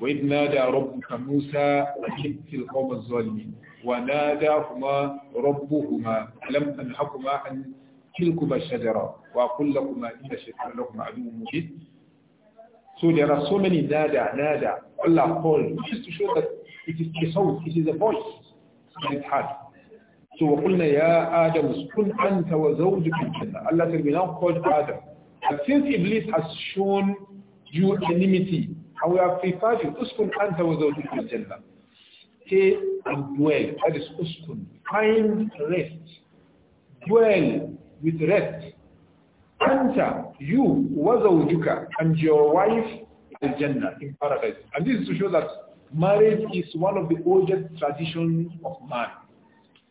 وإذ نادى ربك موسى أن القوم الظالمين وناداهما ربهما ألم أنهكما كلكما الشجرة وأقول لكما إن الشيطان لكم عدو مبين So there are so many nada, nada, Allah called, which to show that it is a sound, it is a voice in its heart. So وَقُلْنَا يَا آدَمُ سْكُنْ أَنْتَ وَزَوْجُكَ الْجَنَّةِ Allah said, we now called Adam. But since Iblis has shown you enmity, and we have preferred you, أُسْكُنْ أَنْتَ وَزَوْجُكَ الْجَنَّةِ Stay and dwell. That is uskun. Find rest. Dwell with rest. Anta, you, wazawjuka, and your wife, al-jannah, in paradise. And this is to show that marriage is one of the oldest traditions of man.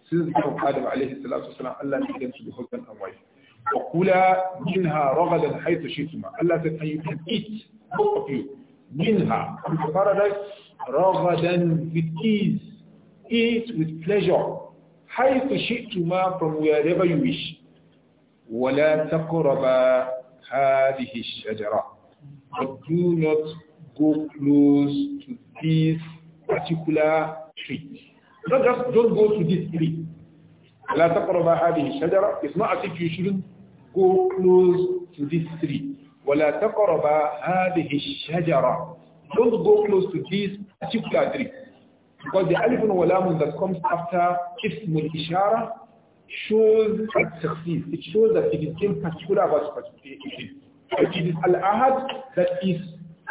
Since the time of Adam alayhi salatu wasalam, Allah made them to be husband and wife. وَقُلَا مِنْهَا رَغَدًا حَيْثُ شِئْتُمَا Allah said, and you can eat, both of you, minha, from the paradise, رَغَدًا with ease. Eat with pleasure. حَيْثُ شِئْتُمَا from wherever you wish. وَلَا تَقْرَبَا هَذِهِ الشَّجَرَةِ But do not go close to this particular tree. Not just don't go to this tree. وَلَا تَقْرَبَا هَذِهِ الشَّجَرَةِ It's not as if you shouldn't go close to this tree. وَلَا تَقْرَبَا هَذِهِ الشَّجَرَةِ Don't go close to this particular tree. Because the alif and that comes after ismul ishara shows at success. It shows that it is in particular about particular It is al-ahad that is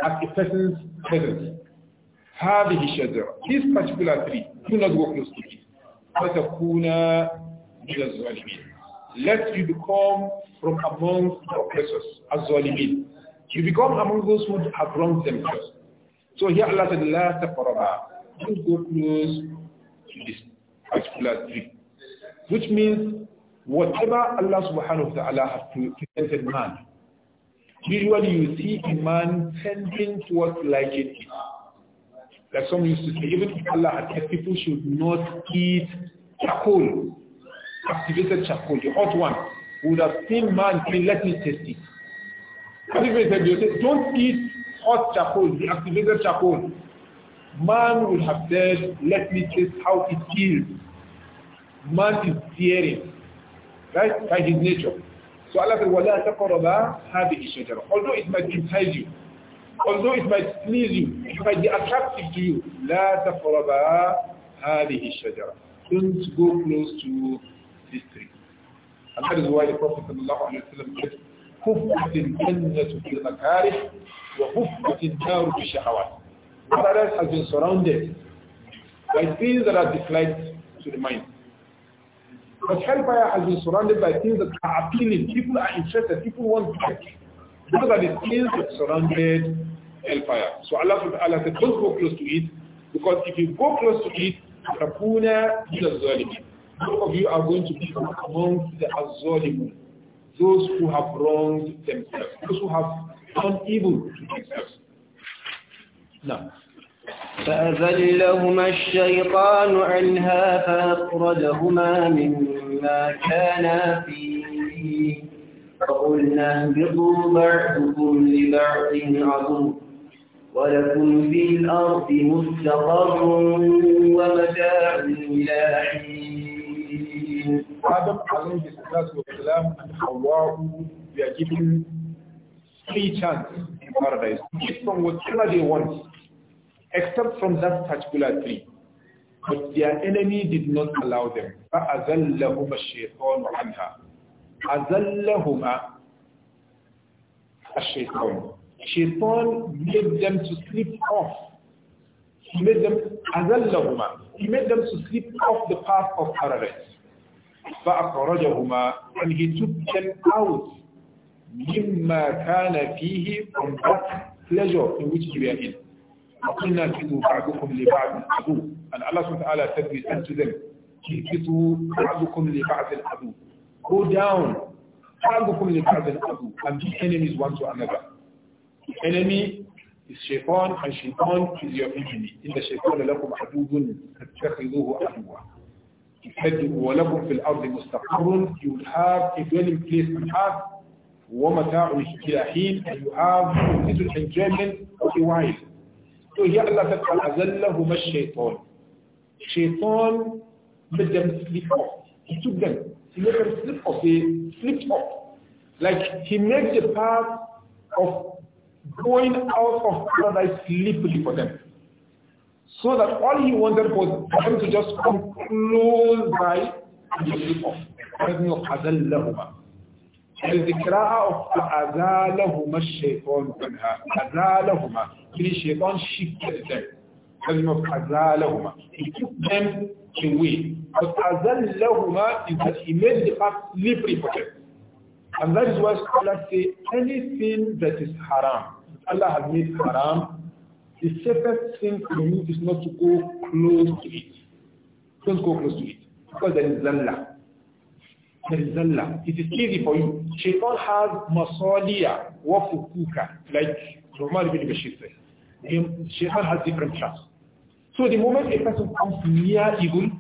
at a person's presence. هذه الشجرة. This particular tree do not go close to it. فتكون من الظالمين. Let you become from among the oppressors, الظالمين. You become among those who have wronged themselves. So here Allah said, لا تقربا. Don't go close to this particular tree which means whatever Allah subhanahu wa ta'ala has presented man, usually you see a man tending towards liking it. Like some used to say, even if Allah had said people should not eat charcoal, activated charcoal, the hot one, would have seen man say, let me taste it. Activated, if said, say, don't eat hot charcoal, the activated charcoal, man would have said, let me taste how it feels. Man is fearing, right, by his nature. So Allah said, وَلَا تَقْرَبَا هَذِهِ الشَّجَرَةِ Although it might entice you, although it might please you, it might be attractive to you, لَا تَقْرَبَا هَذِهِ الشَّجَرَةِ Don't go close to this tree. And that is why the Prophet said, حُفَّةٍ جَنَّةُ فِي الْمَكَارِحِ وَحُفَّةٍ نَارُ فِي الشَّهَوَاتِ Paradise has been surrounded by things that are disliked to the mind. But hellfire has been surrounded by things that are appealing. People are interested. People want to Those are the things that surrounded hellfire. So Allah subhanahu said, don't go close to it, because if you go close to it, Rakuna is a Some of you are going to be among the Azalimun, those who have wronged themselves, those who have done evil to themselves. Now, فأذلهما الشيطان عنها فأخرجهما مما كانا فيه فقلنا اهبطوا بعضكم لبعض عدو ولكم في الأرض مستقر ومتاع إلى حين آدم عليه الصلاة والسلام حواء يجب free chance in paradise. Give one whatever they want. except from that particular tree. But their enemy did not allow them. فَأَذَلَّهُمَ الشَّيْطَانُ عَنْهَا أَذَلَّهُمَا الشَّيْطَانُ Shaitan made them to slip off. He made them أَذَلَّهُمَا He made them to slip off the path of paradise. فَأَخْرَجَهُمَا And he took them out مِمَّا كَانَ فِيهِ From that pleasure in which they were in. بعضكم لبعض and Allah subhanahu wa ta'ala said we to them بعضكم لبعض عدو go down بعضكم لبعض عدو and be enemies one to another the enemy is shaitan and shaitan is your enemy إن الشيطان لكم عدو فاتخذوه عدوا ولكم في الأرض مستقر you have a dwelling place and have ومتاع إلى حين and you have little enjoyment for a so here Allah said, فَأَزَلَّهُمَا الشَّيْطَانِ Shaitan made them slip off. He took them. He made them slip off. They slipped off. Like he made the path of going out of paradise slippery for them. So that all he wanted was for them to just come close by and slip off. of Azallahuma. It is the qira'ah of فَأَذَالَهُمَا الشَّيْطَانُ عَنْهَا أَذَالَهُمَا Meaning shaitan shifted them. Telling of أَذَالَهُمَا it took them away. But أَذَالَهُمَا is that he made the path slippery for them. And that is why scholars say anything that is haram, Allah has made haram, the safest thing for you is not to go close to it. Don't go close to it. Because then there is zallah zalla. It is easy for you. Shaitan has masaliya wa fukuka, like Umar ibn Bashir says. Shaitan has different traps. So the moment a person comes near evil,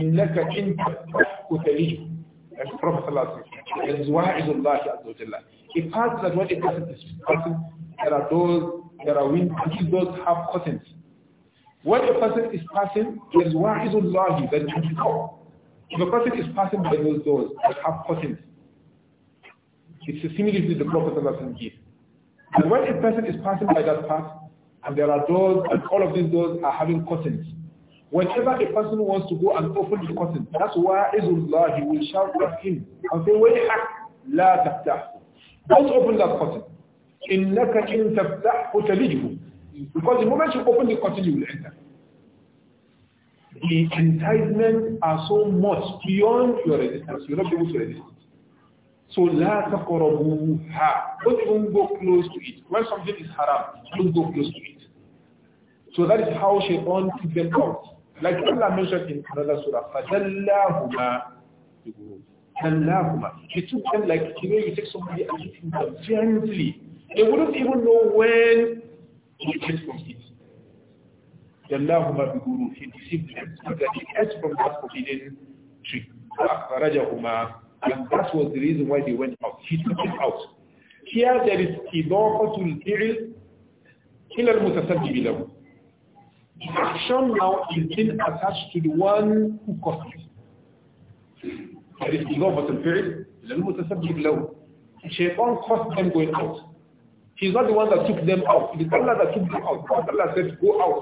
إِنَّكَ إِنْ تَفْقُ تَلِيهُ As the Prophet ﷺ said, it is wa'id Allah Azza wa Jalla. It that when a person is passing, there are those, there are wind, These those have curtains. When a person is passing, there is wa'id Allah that you can call. If a person is passing by those doors that have curtains, it's similar to the Prophet gives. And when a person is passing by that path, and there are doors, and all of these doors are having curtains, whenever a person wants to go and open the curtain, that's why Izullah, he will shout at him and say, وَيْحَكْ لَا تَفْتَحْ Don't open that curtain. إِنَّكَ إِن تَفْتَحْهُ تَلِجْهُ Because the moment you open the curtain, you will enter the enticements are so much beyond your resistance. You're not able to resist. So la ha. Don't even go close to it. When something is haram, don't go close to it. So that is how Shaitan took them out. Like Allah mentioned in another surah, فَدَلَّاهُمَا دَلَّاهُمَا He took them like, you know, you take somebody and you them gently. They wouldn't even know when he gets from it dallahuma bi guru he deceived them so that he ate from that forbidden tree akhrajahuma and that was the reason why they went out he took them out here there is idafatul fi'l ila al-mutasabbib lahu action now is being attached to the one who caused it there is idafatul fi'l ila al-mutasabbib lahu caused them going out He's not the one that took them out. It is Allah that took them out. Allah said, go out.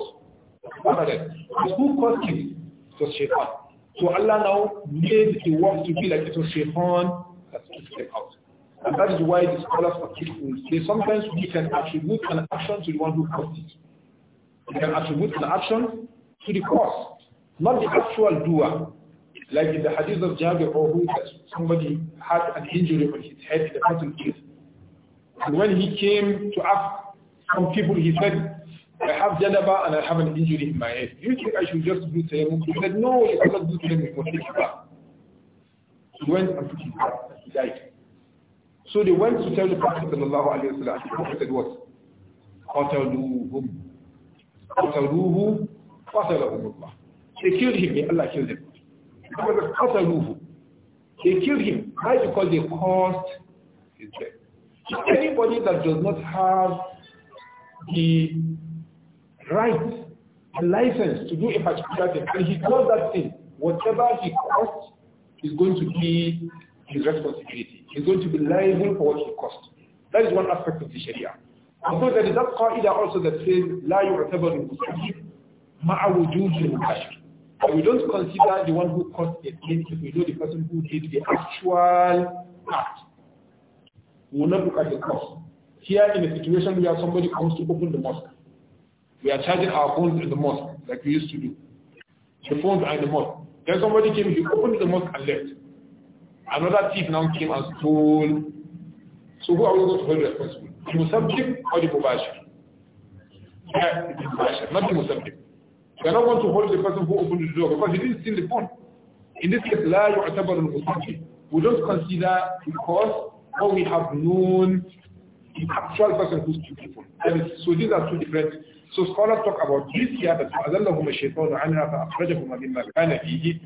Amalek. But who caused him It was Shaitan. So Allah now made the work to be like it was Shaitan that took them out. And that is why the scholars of people, they sometimes we can attribute an action to the one who caused it. We can attribute an action to the cause, not the actual doer. Like in the hadith of Jabir or who that somebody had an injury on his head in the battle And when he came to ask some people, he said, I have janaba and I have an injury in my head. Do you think I should just do to him? He said, no, you cannot do tayammum, you must take back. He went and took him back. he died. So they went to tell the Prophet sallallahu alayhi wa sallam, the Prophet said what? قَتَلُوهُمْ قَتَلُوهُ قَتَلَهُمُ اللَّهُ They killed him, may Allah kill them. The Prophet said, قَتَلُوهُ They killed him. Why? Because they caused his death. Anybody that does not have the right, a license to do a particular thing, and he does that thing, whatever he costs is going to be his responsibility. He's going to be liable for what he costs. That is one aspect of the Sharia. And there is that qaida also that says, لا يعتبر المستحيل مع وجود المكاشف. But we don't consider the one who caused the thing if we know the person who did the actual act. We will not look at the cost. Here in a situation where somebody comes to open the mosque, we are charging our phones in the mosque, like we used to do. The phones are in the mosque. Then somebody came, he opened the mosque and left. Another thief now came and stole. So who are we going to hold responsible? The or the Mubashir? Yeah, it is Mubashir, not the Musabjib. We are not going to hold the person who opened the door because he didn't steal the phone. In this case, لا يعتبر المسجد. We don't consider because all we have known the actual person who stole the phone. So these are two different so scholars talk about this here that فَأَذَلَّهُمَ الشَّيْطَانُ عَنْهَا فَأَخْرَجَهُمَا مِمَّا كَانَ فِيهِ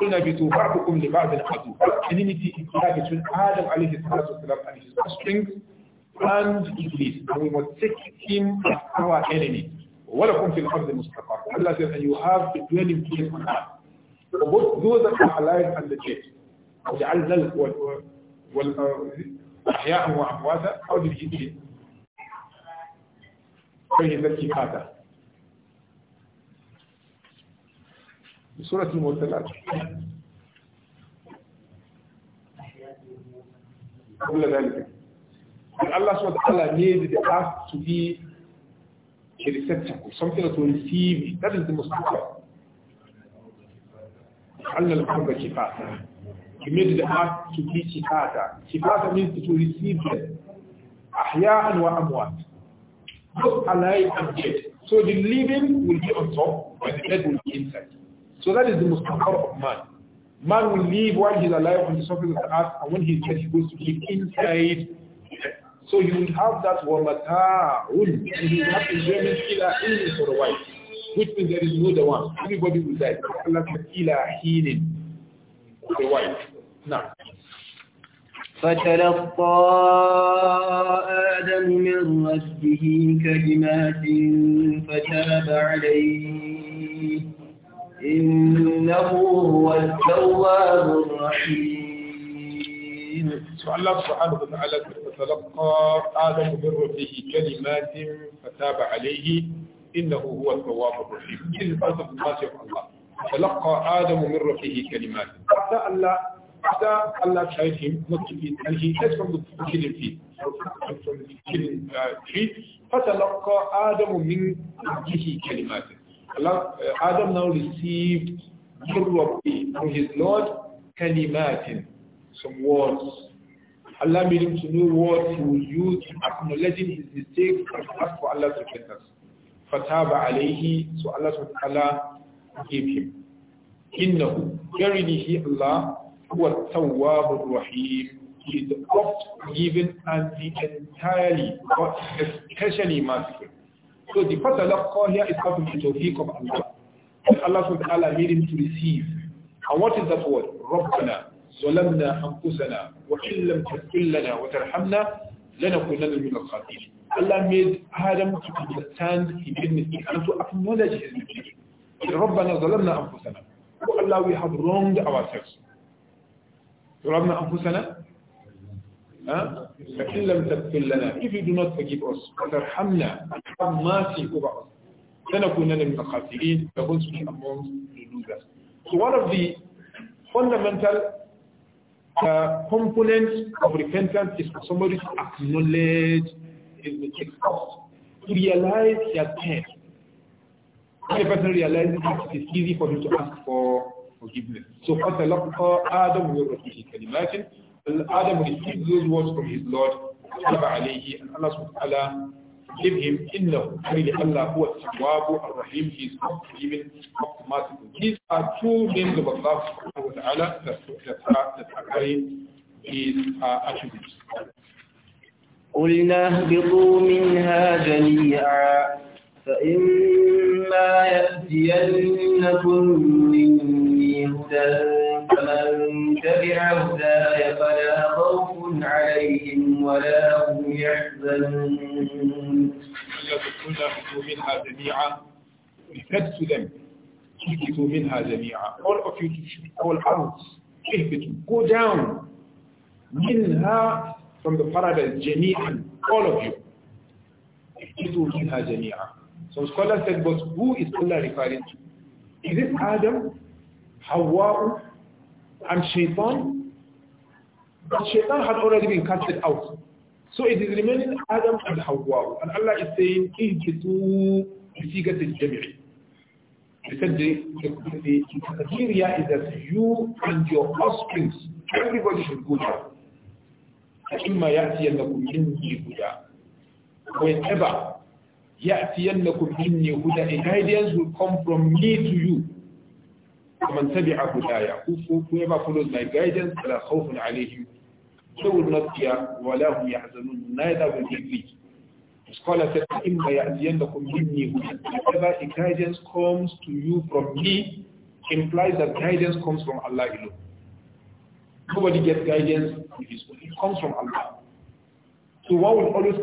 قُلْنَا بِتُوا بَعْضُكُمْ لِبَعْضٍ Enmity between Adam alayhi salatu wasalam and his offspring and Iblis. And we must take him as our enemy. وَلَكُمْ فِي الْأَرْضِ مُسْتَقَرٌ Allah says, and you have a dwelling place on earth. For both those that are alive and the dead. وَجَعَلْنَا الْأَحْيَاءً وَأَمْوَاتًا How did فهمت هذا سورة المرسلات قبل ذلك And Allah SWT made the earth to be a receptacle, something that will receive it. That is the most important. Allah al-Qurba kifata. He made the earth to be kifata. Kifata means it will receive them. Ahya'an wa amwat. both alive and dead. So the living will be on top and the dead will be inside. So that is the mustaqar of man. Man will live while he's alive on the surface of the earth and when he's dead he goes to live inside. So you will have that wamata'ul and he will have enjoyment in ilmi for a while. Which means there is no other one. Everybody will die. Allah said ila healing for a while. Now, فتلقى آدم من ربه كلمات فتاب عليه إنه هو التواب الرحيم الله سبحانه وتعالى فتلقى آدم من ربه كلمات فتاب عليه إنه هو التواب الرحيم إذ أصدق الله تلقى آدم من ربه كلمات حتى After Allah tried him not to eat, and he takes from the forbidden tree, from the forbidden uh, tree, فَتَلَقَّى آدَمُ مِنْ رَبِّهِ كَلِمَاتٍ Adam now received from his Lord كَلِمَاتٍ, some words. Allah made him to know what he will use in acknowledging his mistakes and ask for Allah's repentance. فَتَابَ عَلَيْهِ So Allah gave him. إِنَّهُ Verily he, Allah, huwa tawwabur rahim. He is oft given and the entirely, but especially merciful. So the fatalaqqa here is coming to tawfiq of Allah. That Allah subhanahu wa ta'ala made him to receive. And what is that word? رَبَّنَا ظلمنا أنفسنا وإن لم تغفر لنا وترحمنا لنكونن من الخاسرين Allah made Adam to understand he made mistake and to acknowledge his mistake. ربنا ظلمنا أنفسنا. Oh Allah, we have wronged ourselves. أنفسنا فإن لم تغفر لنا if you do not forgive us وترحمنا have mercy over من الخاسرين be so one of the fundamental uh, components of repentance is for somebody to acknowledge his mistakes to realize he has sinned when a person realizes it is easy for him to ask for forgiveness. So what the فَتَلَقَّى آدَمُ مِنْ رَبِّهِ كَلِمَاتٍ Adam received those words from his Lord Allah alayhi, and Allah subhanahu wa ta'ala forgive him إِنَّهُ really Allah هو التواب الرحيم He is not forgiven, of merciful. These are two names of Allah subhanahu wa ta'ala that, that, that are carrying these uh, attributes. قلنا اهبطوا منها جميعا فإما يأتينكم مني هدى فمن تبع هداي فلا خوف عليهم ولا هم يحزنون تدخلوا منها جميعا لتدس them اهبطوا منها جميعا all of you should call out اهبطوا go down منها from the paradise جميعا all of you اهبطوا منها جميعا some scholars said but who is Allah referring to is it Adam Hawa, and Shaitan. But Shaitan had already been casted out. So it is remaining Adam and Hawa. And Allah is saying, Ihbitu bisigatil jami'i. He said the, the, the criteria is that you and your offspring, everybody should go there. whenever يأتينكم مني هدى a guidance will come from me to you ومن تبع هدايا whoever follows my guidance خوف عليهم they will not fear ولا هم يحزنون neither will they grieve إما يأتينكم مني هدى whoever the guidance comes to you from me implies that guidance comes from Allah alone nobody gets guidance if it comes from Allah so we will always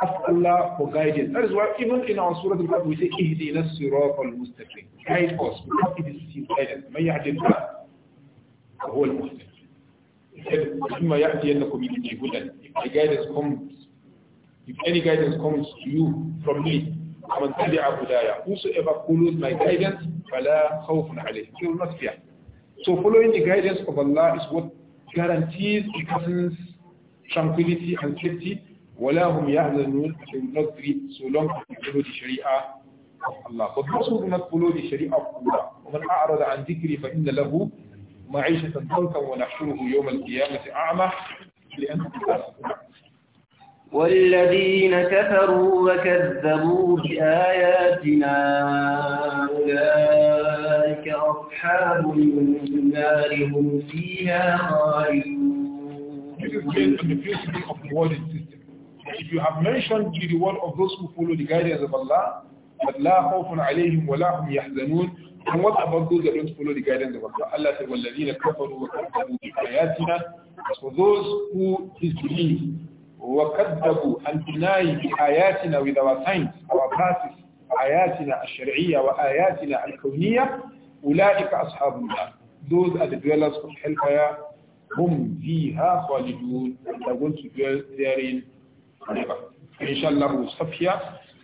ask Allah for guidance. That is why even in our surah al we say, Ihdina sirat al-mustaqim. Guide us, because it is His guidance. May يَعْدِلْ فَهُوَ الْمُهْتَدِ He said, ثُمَّ يَعْدِيَنَّكُمْ إِلَيْهِ هُدًى If my guidance comes, if any guidance comes to you from me, ومن Abu هدايا whosoever follows my guidance فلا خوف عليه he will not fear so following the guidance of Allah is what guarantees a person's tranquility and safety ولا هم يحزنون في النظر سلوك قلوب الشريعة الله قد بصوا من قلوب الشريعة الله ومن أعرض عن ذكري فإن له معيشة ضنكا ونحشره يوم القيامة أعمى لأن والذين كفروا وكذبوا بآياتنا أولئك أصحاب النار هم فيها خالدون if you have mentioned the reward of those who follow the guidance of Allah, but لا خوف عليهم ولا هم يحزنون And what about those that don't follow the guidance of Allah? Allah said, وَالَّذِينَ كَفَرُوا وَكَذَّبُوا بِآيَاتِنَا As for those who disbelieve, وَكَذَّبُوا and deny بِآيَاتِنَا with our signs, our verses, آيَاتِنَا الشَّرْعِيَّةَ وَآيَاتِنَا الْكَوْنِيَّةَ أُولَٰئِكَ أَصْحَابُ النَّارِ Those are the dwellers of hellfire, هُمْ فِيهَا خَالِدُونَ They are going to dwell therein whatever. Inshallah, we stop here.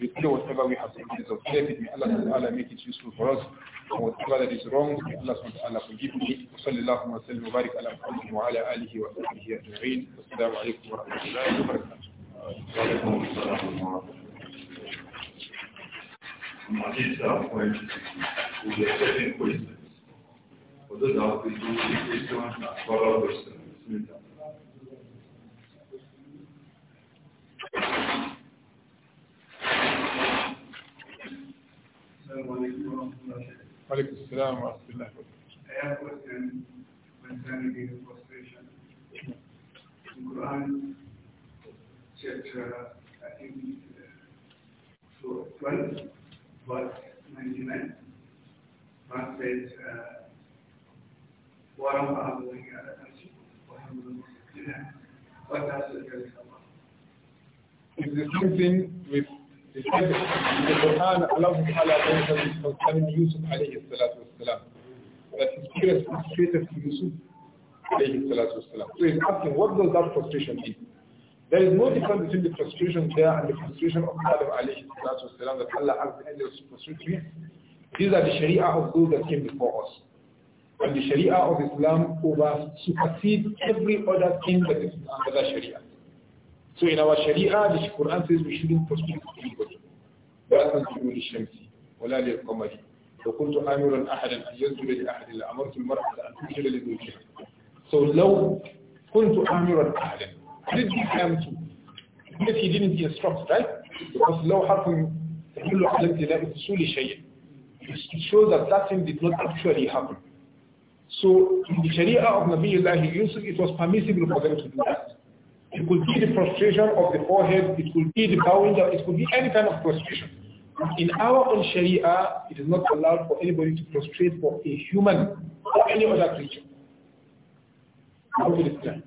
We whatever we have is of benefit. May Allah make it useful for us. And whatever that is wrong, may Allah forgive me. وصلى الله وسلم وبارك على محمد وعلى آله وصحبه أجمعين. والسلام عليكم ورحمة الله وبركاته. وعليكم السلام Alaikum salam wa rahmatullah. I have a question concerning the frustration. In Quran, chapter, I think, so 12, verse 99, God says, وَرَمْ What does it tell us about? It's the same thing with he the Quran, Allah Ta'ala concerning Yusuf alayhi salatu wasalam, that his parents frustrated Yusuf alayhi salatu wasalam. So he's asking, what does that frustration mean? There is no difference between the frustration there and the frustration of Adam alayhi salatu wasalam that Allah has ended his frustration. These are the sharia of those that came before us. And the sharia of Islam over supersedes every other thing that is under the sharia. So وشريعه our القران في Quran says we shouldn't ولا تنزلوا للشمس ولا للقمر وكنت آمرا أحدا أن ينزل لأحد لأمرت المرأة أن تنزل لزوجها. سو لو كنت آمرا أحدا لدي كامتو have to. If he didn't instruct, right? Because لو حرف تدل على امتلاء حصول شيء. It shows that that thing did not actually happen. So in the Sharia of Nabi Allah Yusuf, it was permissible for them to do that. It could be the prostration of the forehead. It could be the bowing down. It could be any kind of prostration. In our own Sharia, it is not allowed for anybody to prostrate for a human or any other creature. Go to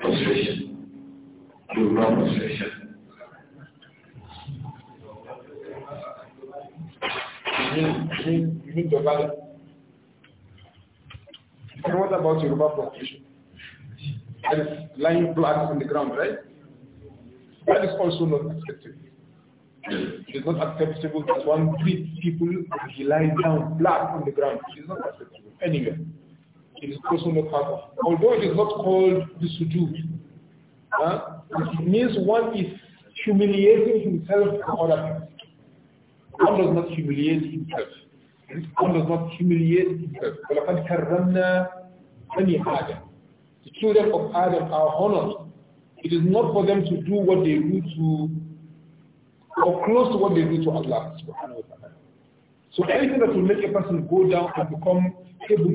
Prostration to And what about Yoruba population? That is lying flat on the ground, right? That is also not acceptable. It is not acceptable that one treats people and he lies down flat on the ground. It is not acceptable anywhere. It is also not part of. Although it is not called the sujood, it means one is humiliating himself for other people. One does not humiliate himself. One does not humiliate himself. وَلَقَدْ كَرَّمْنَا بَنِي آدَمَ The children of Adam are honored. It is not for them to do what they do to, or close to what they do to Allah subhanahu wa ta'ala. So anything that will make a person go down and become able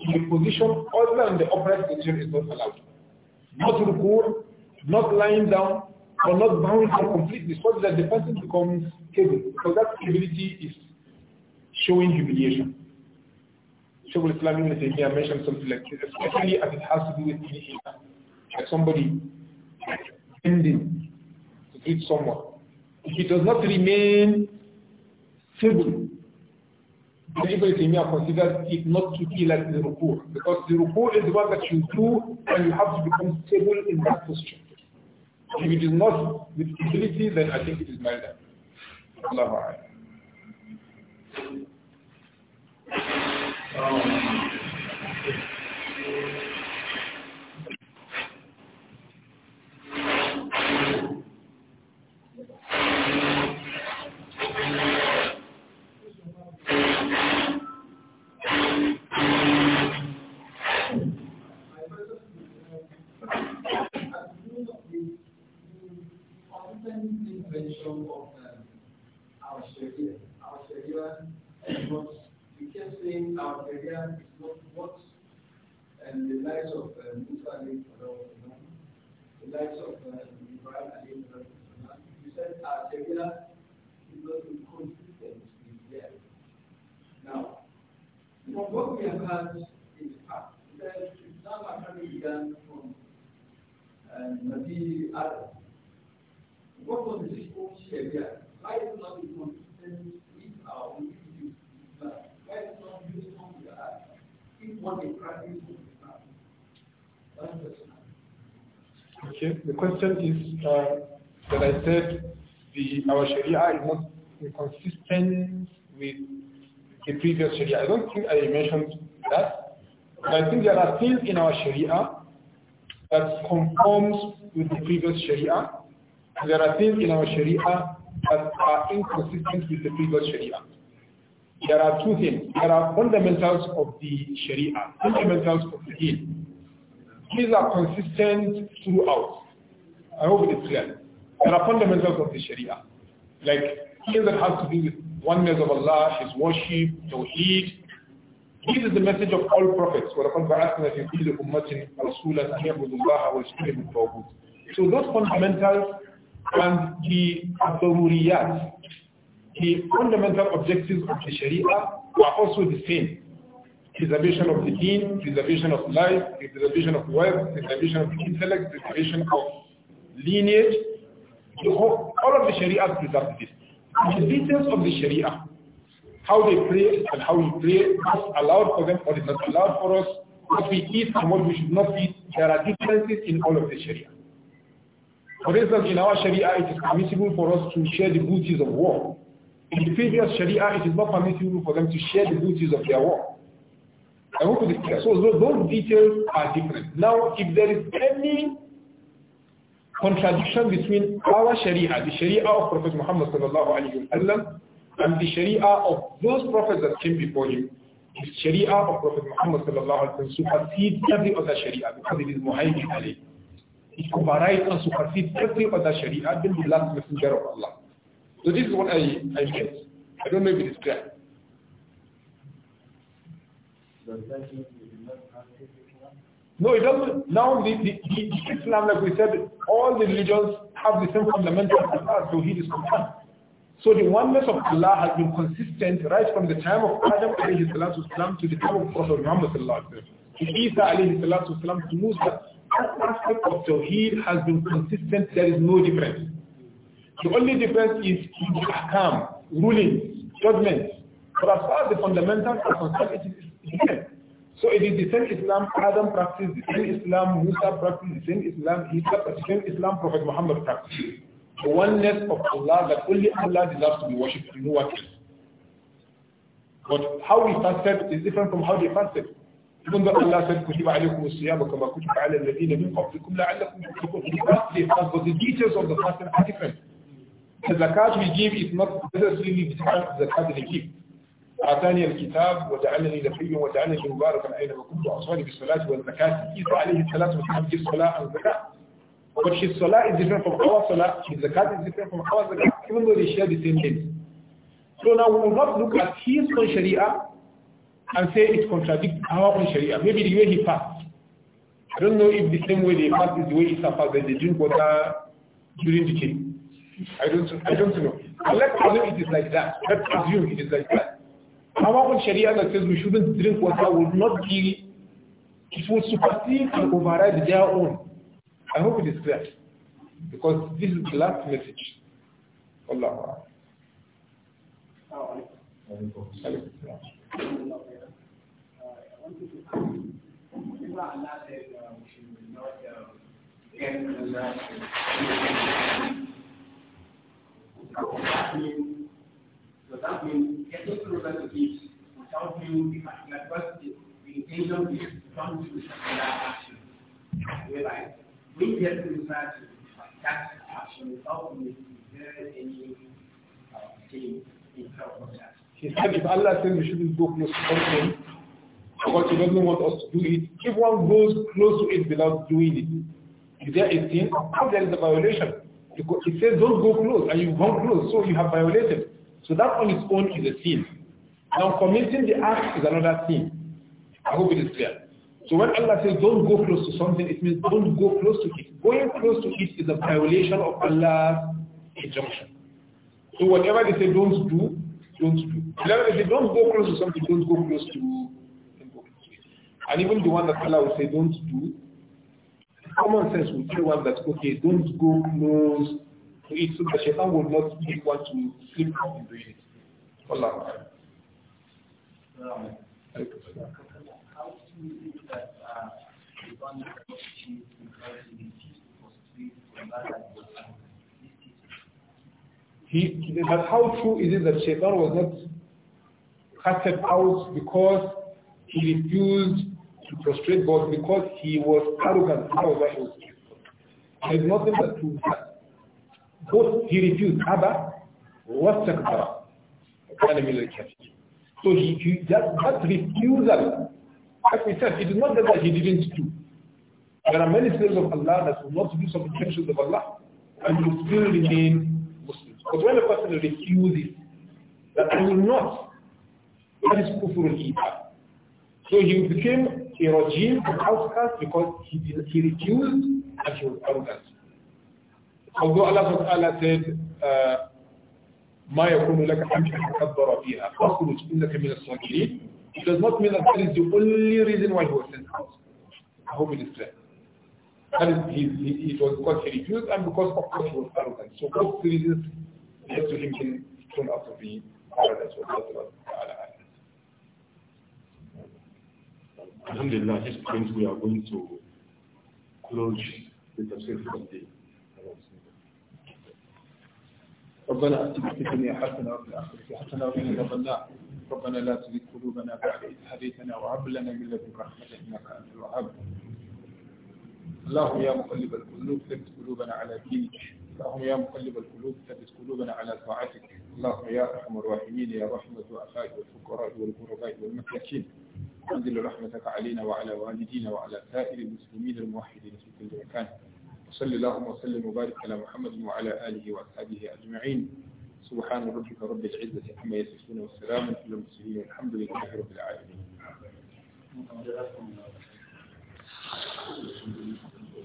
in a position other than the upright position is not allowed. Not rukur, not lying down or not bowing down completely so that the person becomes stable. So that stability is showing humiliation. Shaykh al-Islam Ibn mentioned something like this, especially as it has to do with Like somebody bending to greet someone. If he does not remain stable, then Ibn Taymiyyah considers it not to be like the rukur. Because the rukur is the one that you do and you have to become stable in that posture. If it is not with humility, then I think it is murder. Allahu Um, saying our career is not what and the likes of uh, Musa Ali the likes of uh, Ibrahim Ali you said our career is not inconsistent with theirs. Now, from what we have had in the past, that Islam actually began from um, Nabi Adam. What was the Sharia? Why is it not inconsistent? Okay, the question is uh, that I said the, our Sharia is not consistent with the previous Sharia. I don't think I mentioned that, but I think there are things in our Sharia that conforms with the previous Sharia. There are things in our Sharia that are inconsistent with the previous Sharia there are two things. There are fundamentals of the Sharia, fundamentals of the deen. These are consistent throughout. I hope it is clear. There are fundamentals of the Sharia, like things that has to do with oneness of Allah, His worship, Tawheed. This is the message of all prophets. So those fundamentals and the adoruriyat, the fundamental objectives of the Sharia are also the same. Preservation of the deen, preservation of life, preservation of wealth, preservation of intellect, preservation of lineage. All of the Sharia preserve this. The details of the Sharia, how they pray and how we pray, what's allowed for them or is not allowed for us, what we eat and what we should not eat, there are differences in all of the Sharia. For instance, in our Sharia, it is permissible for us to share the booty of war in the previous Sharia, it is not permissible for them to share the duties of their work. I want to discuss. So those details are different. Now, if there is any contradiction between our Sharia, the Sharia of Prophet Muhammad sallallahu alaihi wasallam, and the Sharia of those prophets that came before him, the Sharia of Prophet Muhammad sallallahu alaihi wasallam supersedes every other Sharia because it is muhaymin alayh. It overrides and supersedes every other Sharia than the last messenger of Allah. So this is what I, I meant. I don't know if it is clear. No, it doesn't. Now, the, the, the Islam, like we said, all the religions have the same fundamental Allah, so he is concerned. So the oneness of Allah has been consistent right from the time of Adam alayhi to the time of Prophet Muhammad sallallahu alayhi wasalam, to Isa alayhi salatu wasalam, to Musa. That aspect of Tawheed has been consistent. There is no difference. The only difference is in the ahkam, rulings, judgments. But as far as the fundamentals are concerned, it is the same. So it is the same Islam Adam practiced, the same Islam Musa practiced, the same Islam Isa practiced, the same Islam Prophet Muhammad practiced. The oneness of Allah that only Allah deserves to be worshipped no one else. But how we fasted is different from how they fasted. Even though Allah said, كُتِبَ عَلَيْكُمُ الصِّيَامَ كَمَا كُتِبَ عَلَى الَّذِينَ مِنْ قَبْلِكُم لَعَلَّكُم تَتَّقُونَ the details of the fasting are different. The zakat we give is not necessarily the zakat we give. آتاني الكتاب وجعلني نبيا وجعلني مباركا أينما كنت وأوصاني بالصلاة والزكاة عيسى عليه الصلاة والسلام في الصلاة والزكاة But his salah is different from our salah, his zakat is different from our zakat, even though they share the same things. So now we will not look at his own sharia and say it contradicts our own sharia. Maybe the way he passed. I don't know if the same way they passed is the way he passed, that they drink water during the day. I don't, I don't know. Let's assume it is like that. Let's assume it is like that. However, Sharia that says we shouldn't drink water will not be, it will supersede and override their own. I hope it is clear. Because this is the last message. Allah. Allah. So that means, so that means getting closer the it without you the particular question, the intention is to come to that action. Whereby, we get closer to that action without making any uh, change in terms of that. He said if Allah says we shouldn't go close to something, but he doesn't want us to do it, if one goes close to it without doing it, if there is sin, how there is a violation. It says don't go close and you've gone close, so you have violated. So that on its own is a sin. Now committing the act is another sin. I hope it is clear. So when Allah says don't go close to something, it means don't go close to it. Going close to it is a violation of Allah's injunction. So whatever they say don't do, don't do. Whatever they say don't go close to something, don't go close to, don't go close to it. And even the one that Allah will say don't do, common sense would tell one that, okay, don't go close to it so the shaitan will not make one to slip up into it. Allah. Um, how do he, but how true is it that Shaitan was not casted out because he refused to prostrate but because he was arrogant, he There's nothing that proves that. he refused Abba was Takbara. So he, he, that, that refusal, like we said, it is not that he didn't do. There are many slaves of Allah that will not do some intentions of Allah and will still remain Muslims. But when a person refuses that I will not, that is kufr al So he became he redeemed the outcast because he, he refused and he was arrogant. Although Allah Ta'ala said, uh, ما يكون لك أن تتكبر فيها فاخرج إنك من الصاغرين It does not mean that that is the only reason why he was sent out. I hope it is clear. That is, he, he, it was because he refused and because of course he was arrogant. So both reasons led to him being thrown out of the paradise. Alhamdulillah, at this point we are going to close the tafsir for the ربنا اتنا في الدنيا حسنه وفي الاخره حسنه وقنا عذاب النار ربنا لا تزغ قلوبنا بعد إذ هديتنا وهب لنا من لدنك رحمه انك انت الوهاب اللهم يا مقلب القلوب ثبت قلوبنا على دينك اللهم يا مقلب القلوب ثبت قلوبنا على طاعتك اللهم يا ارحم الراحمين يا رحمه افاك والفقراء والغرباء والمساكين وانزل رحمتك علينا وعلى والدينا وعلى سائر المسلمين الموحدين في كل مكان وصل اللهم وسلم وبارك على محمد وعلى آله وأصحابه أجمعين سبحان ربك رب العزة عما يصفون والسلام على المرسلين والحمد لله رب العالمين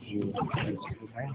Thank you.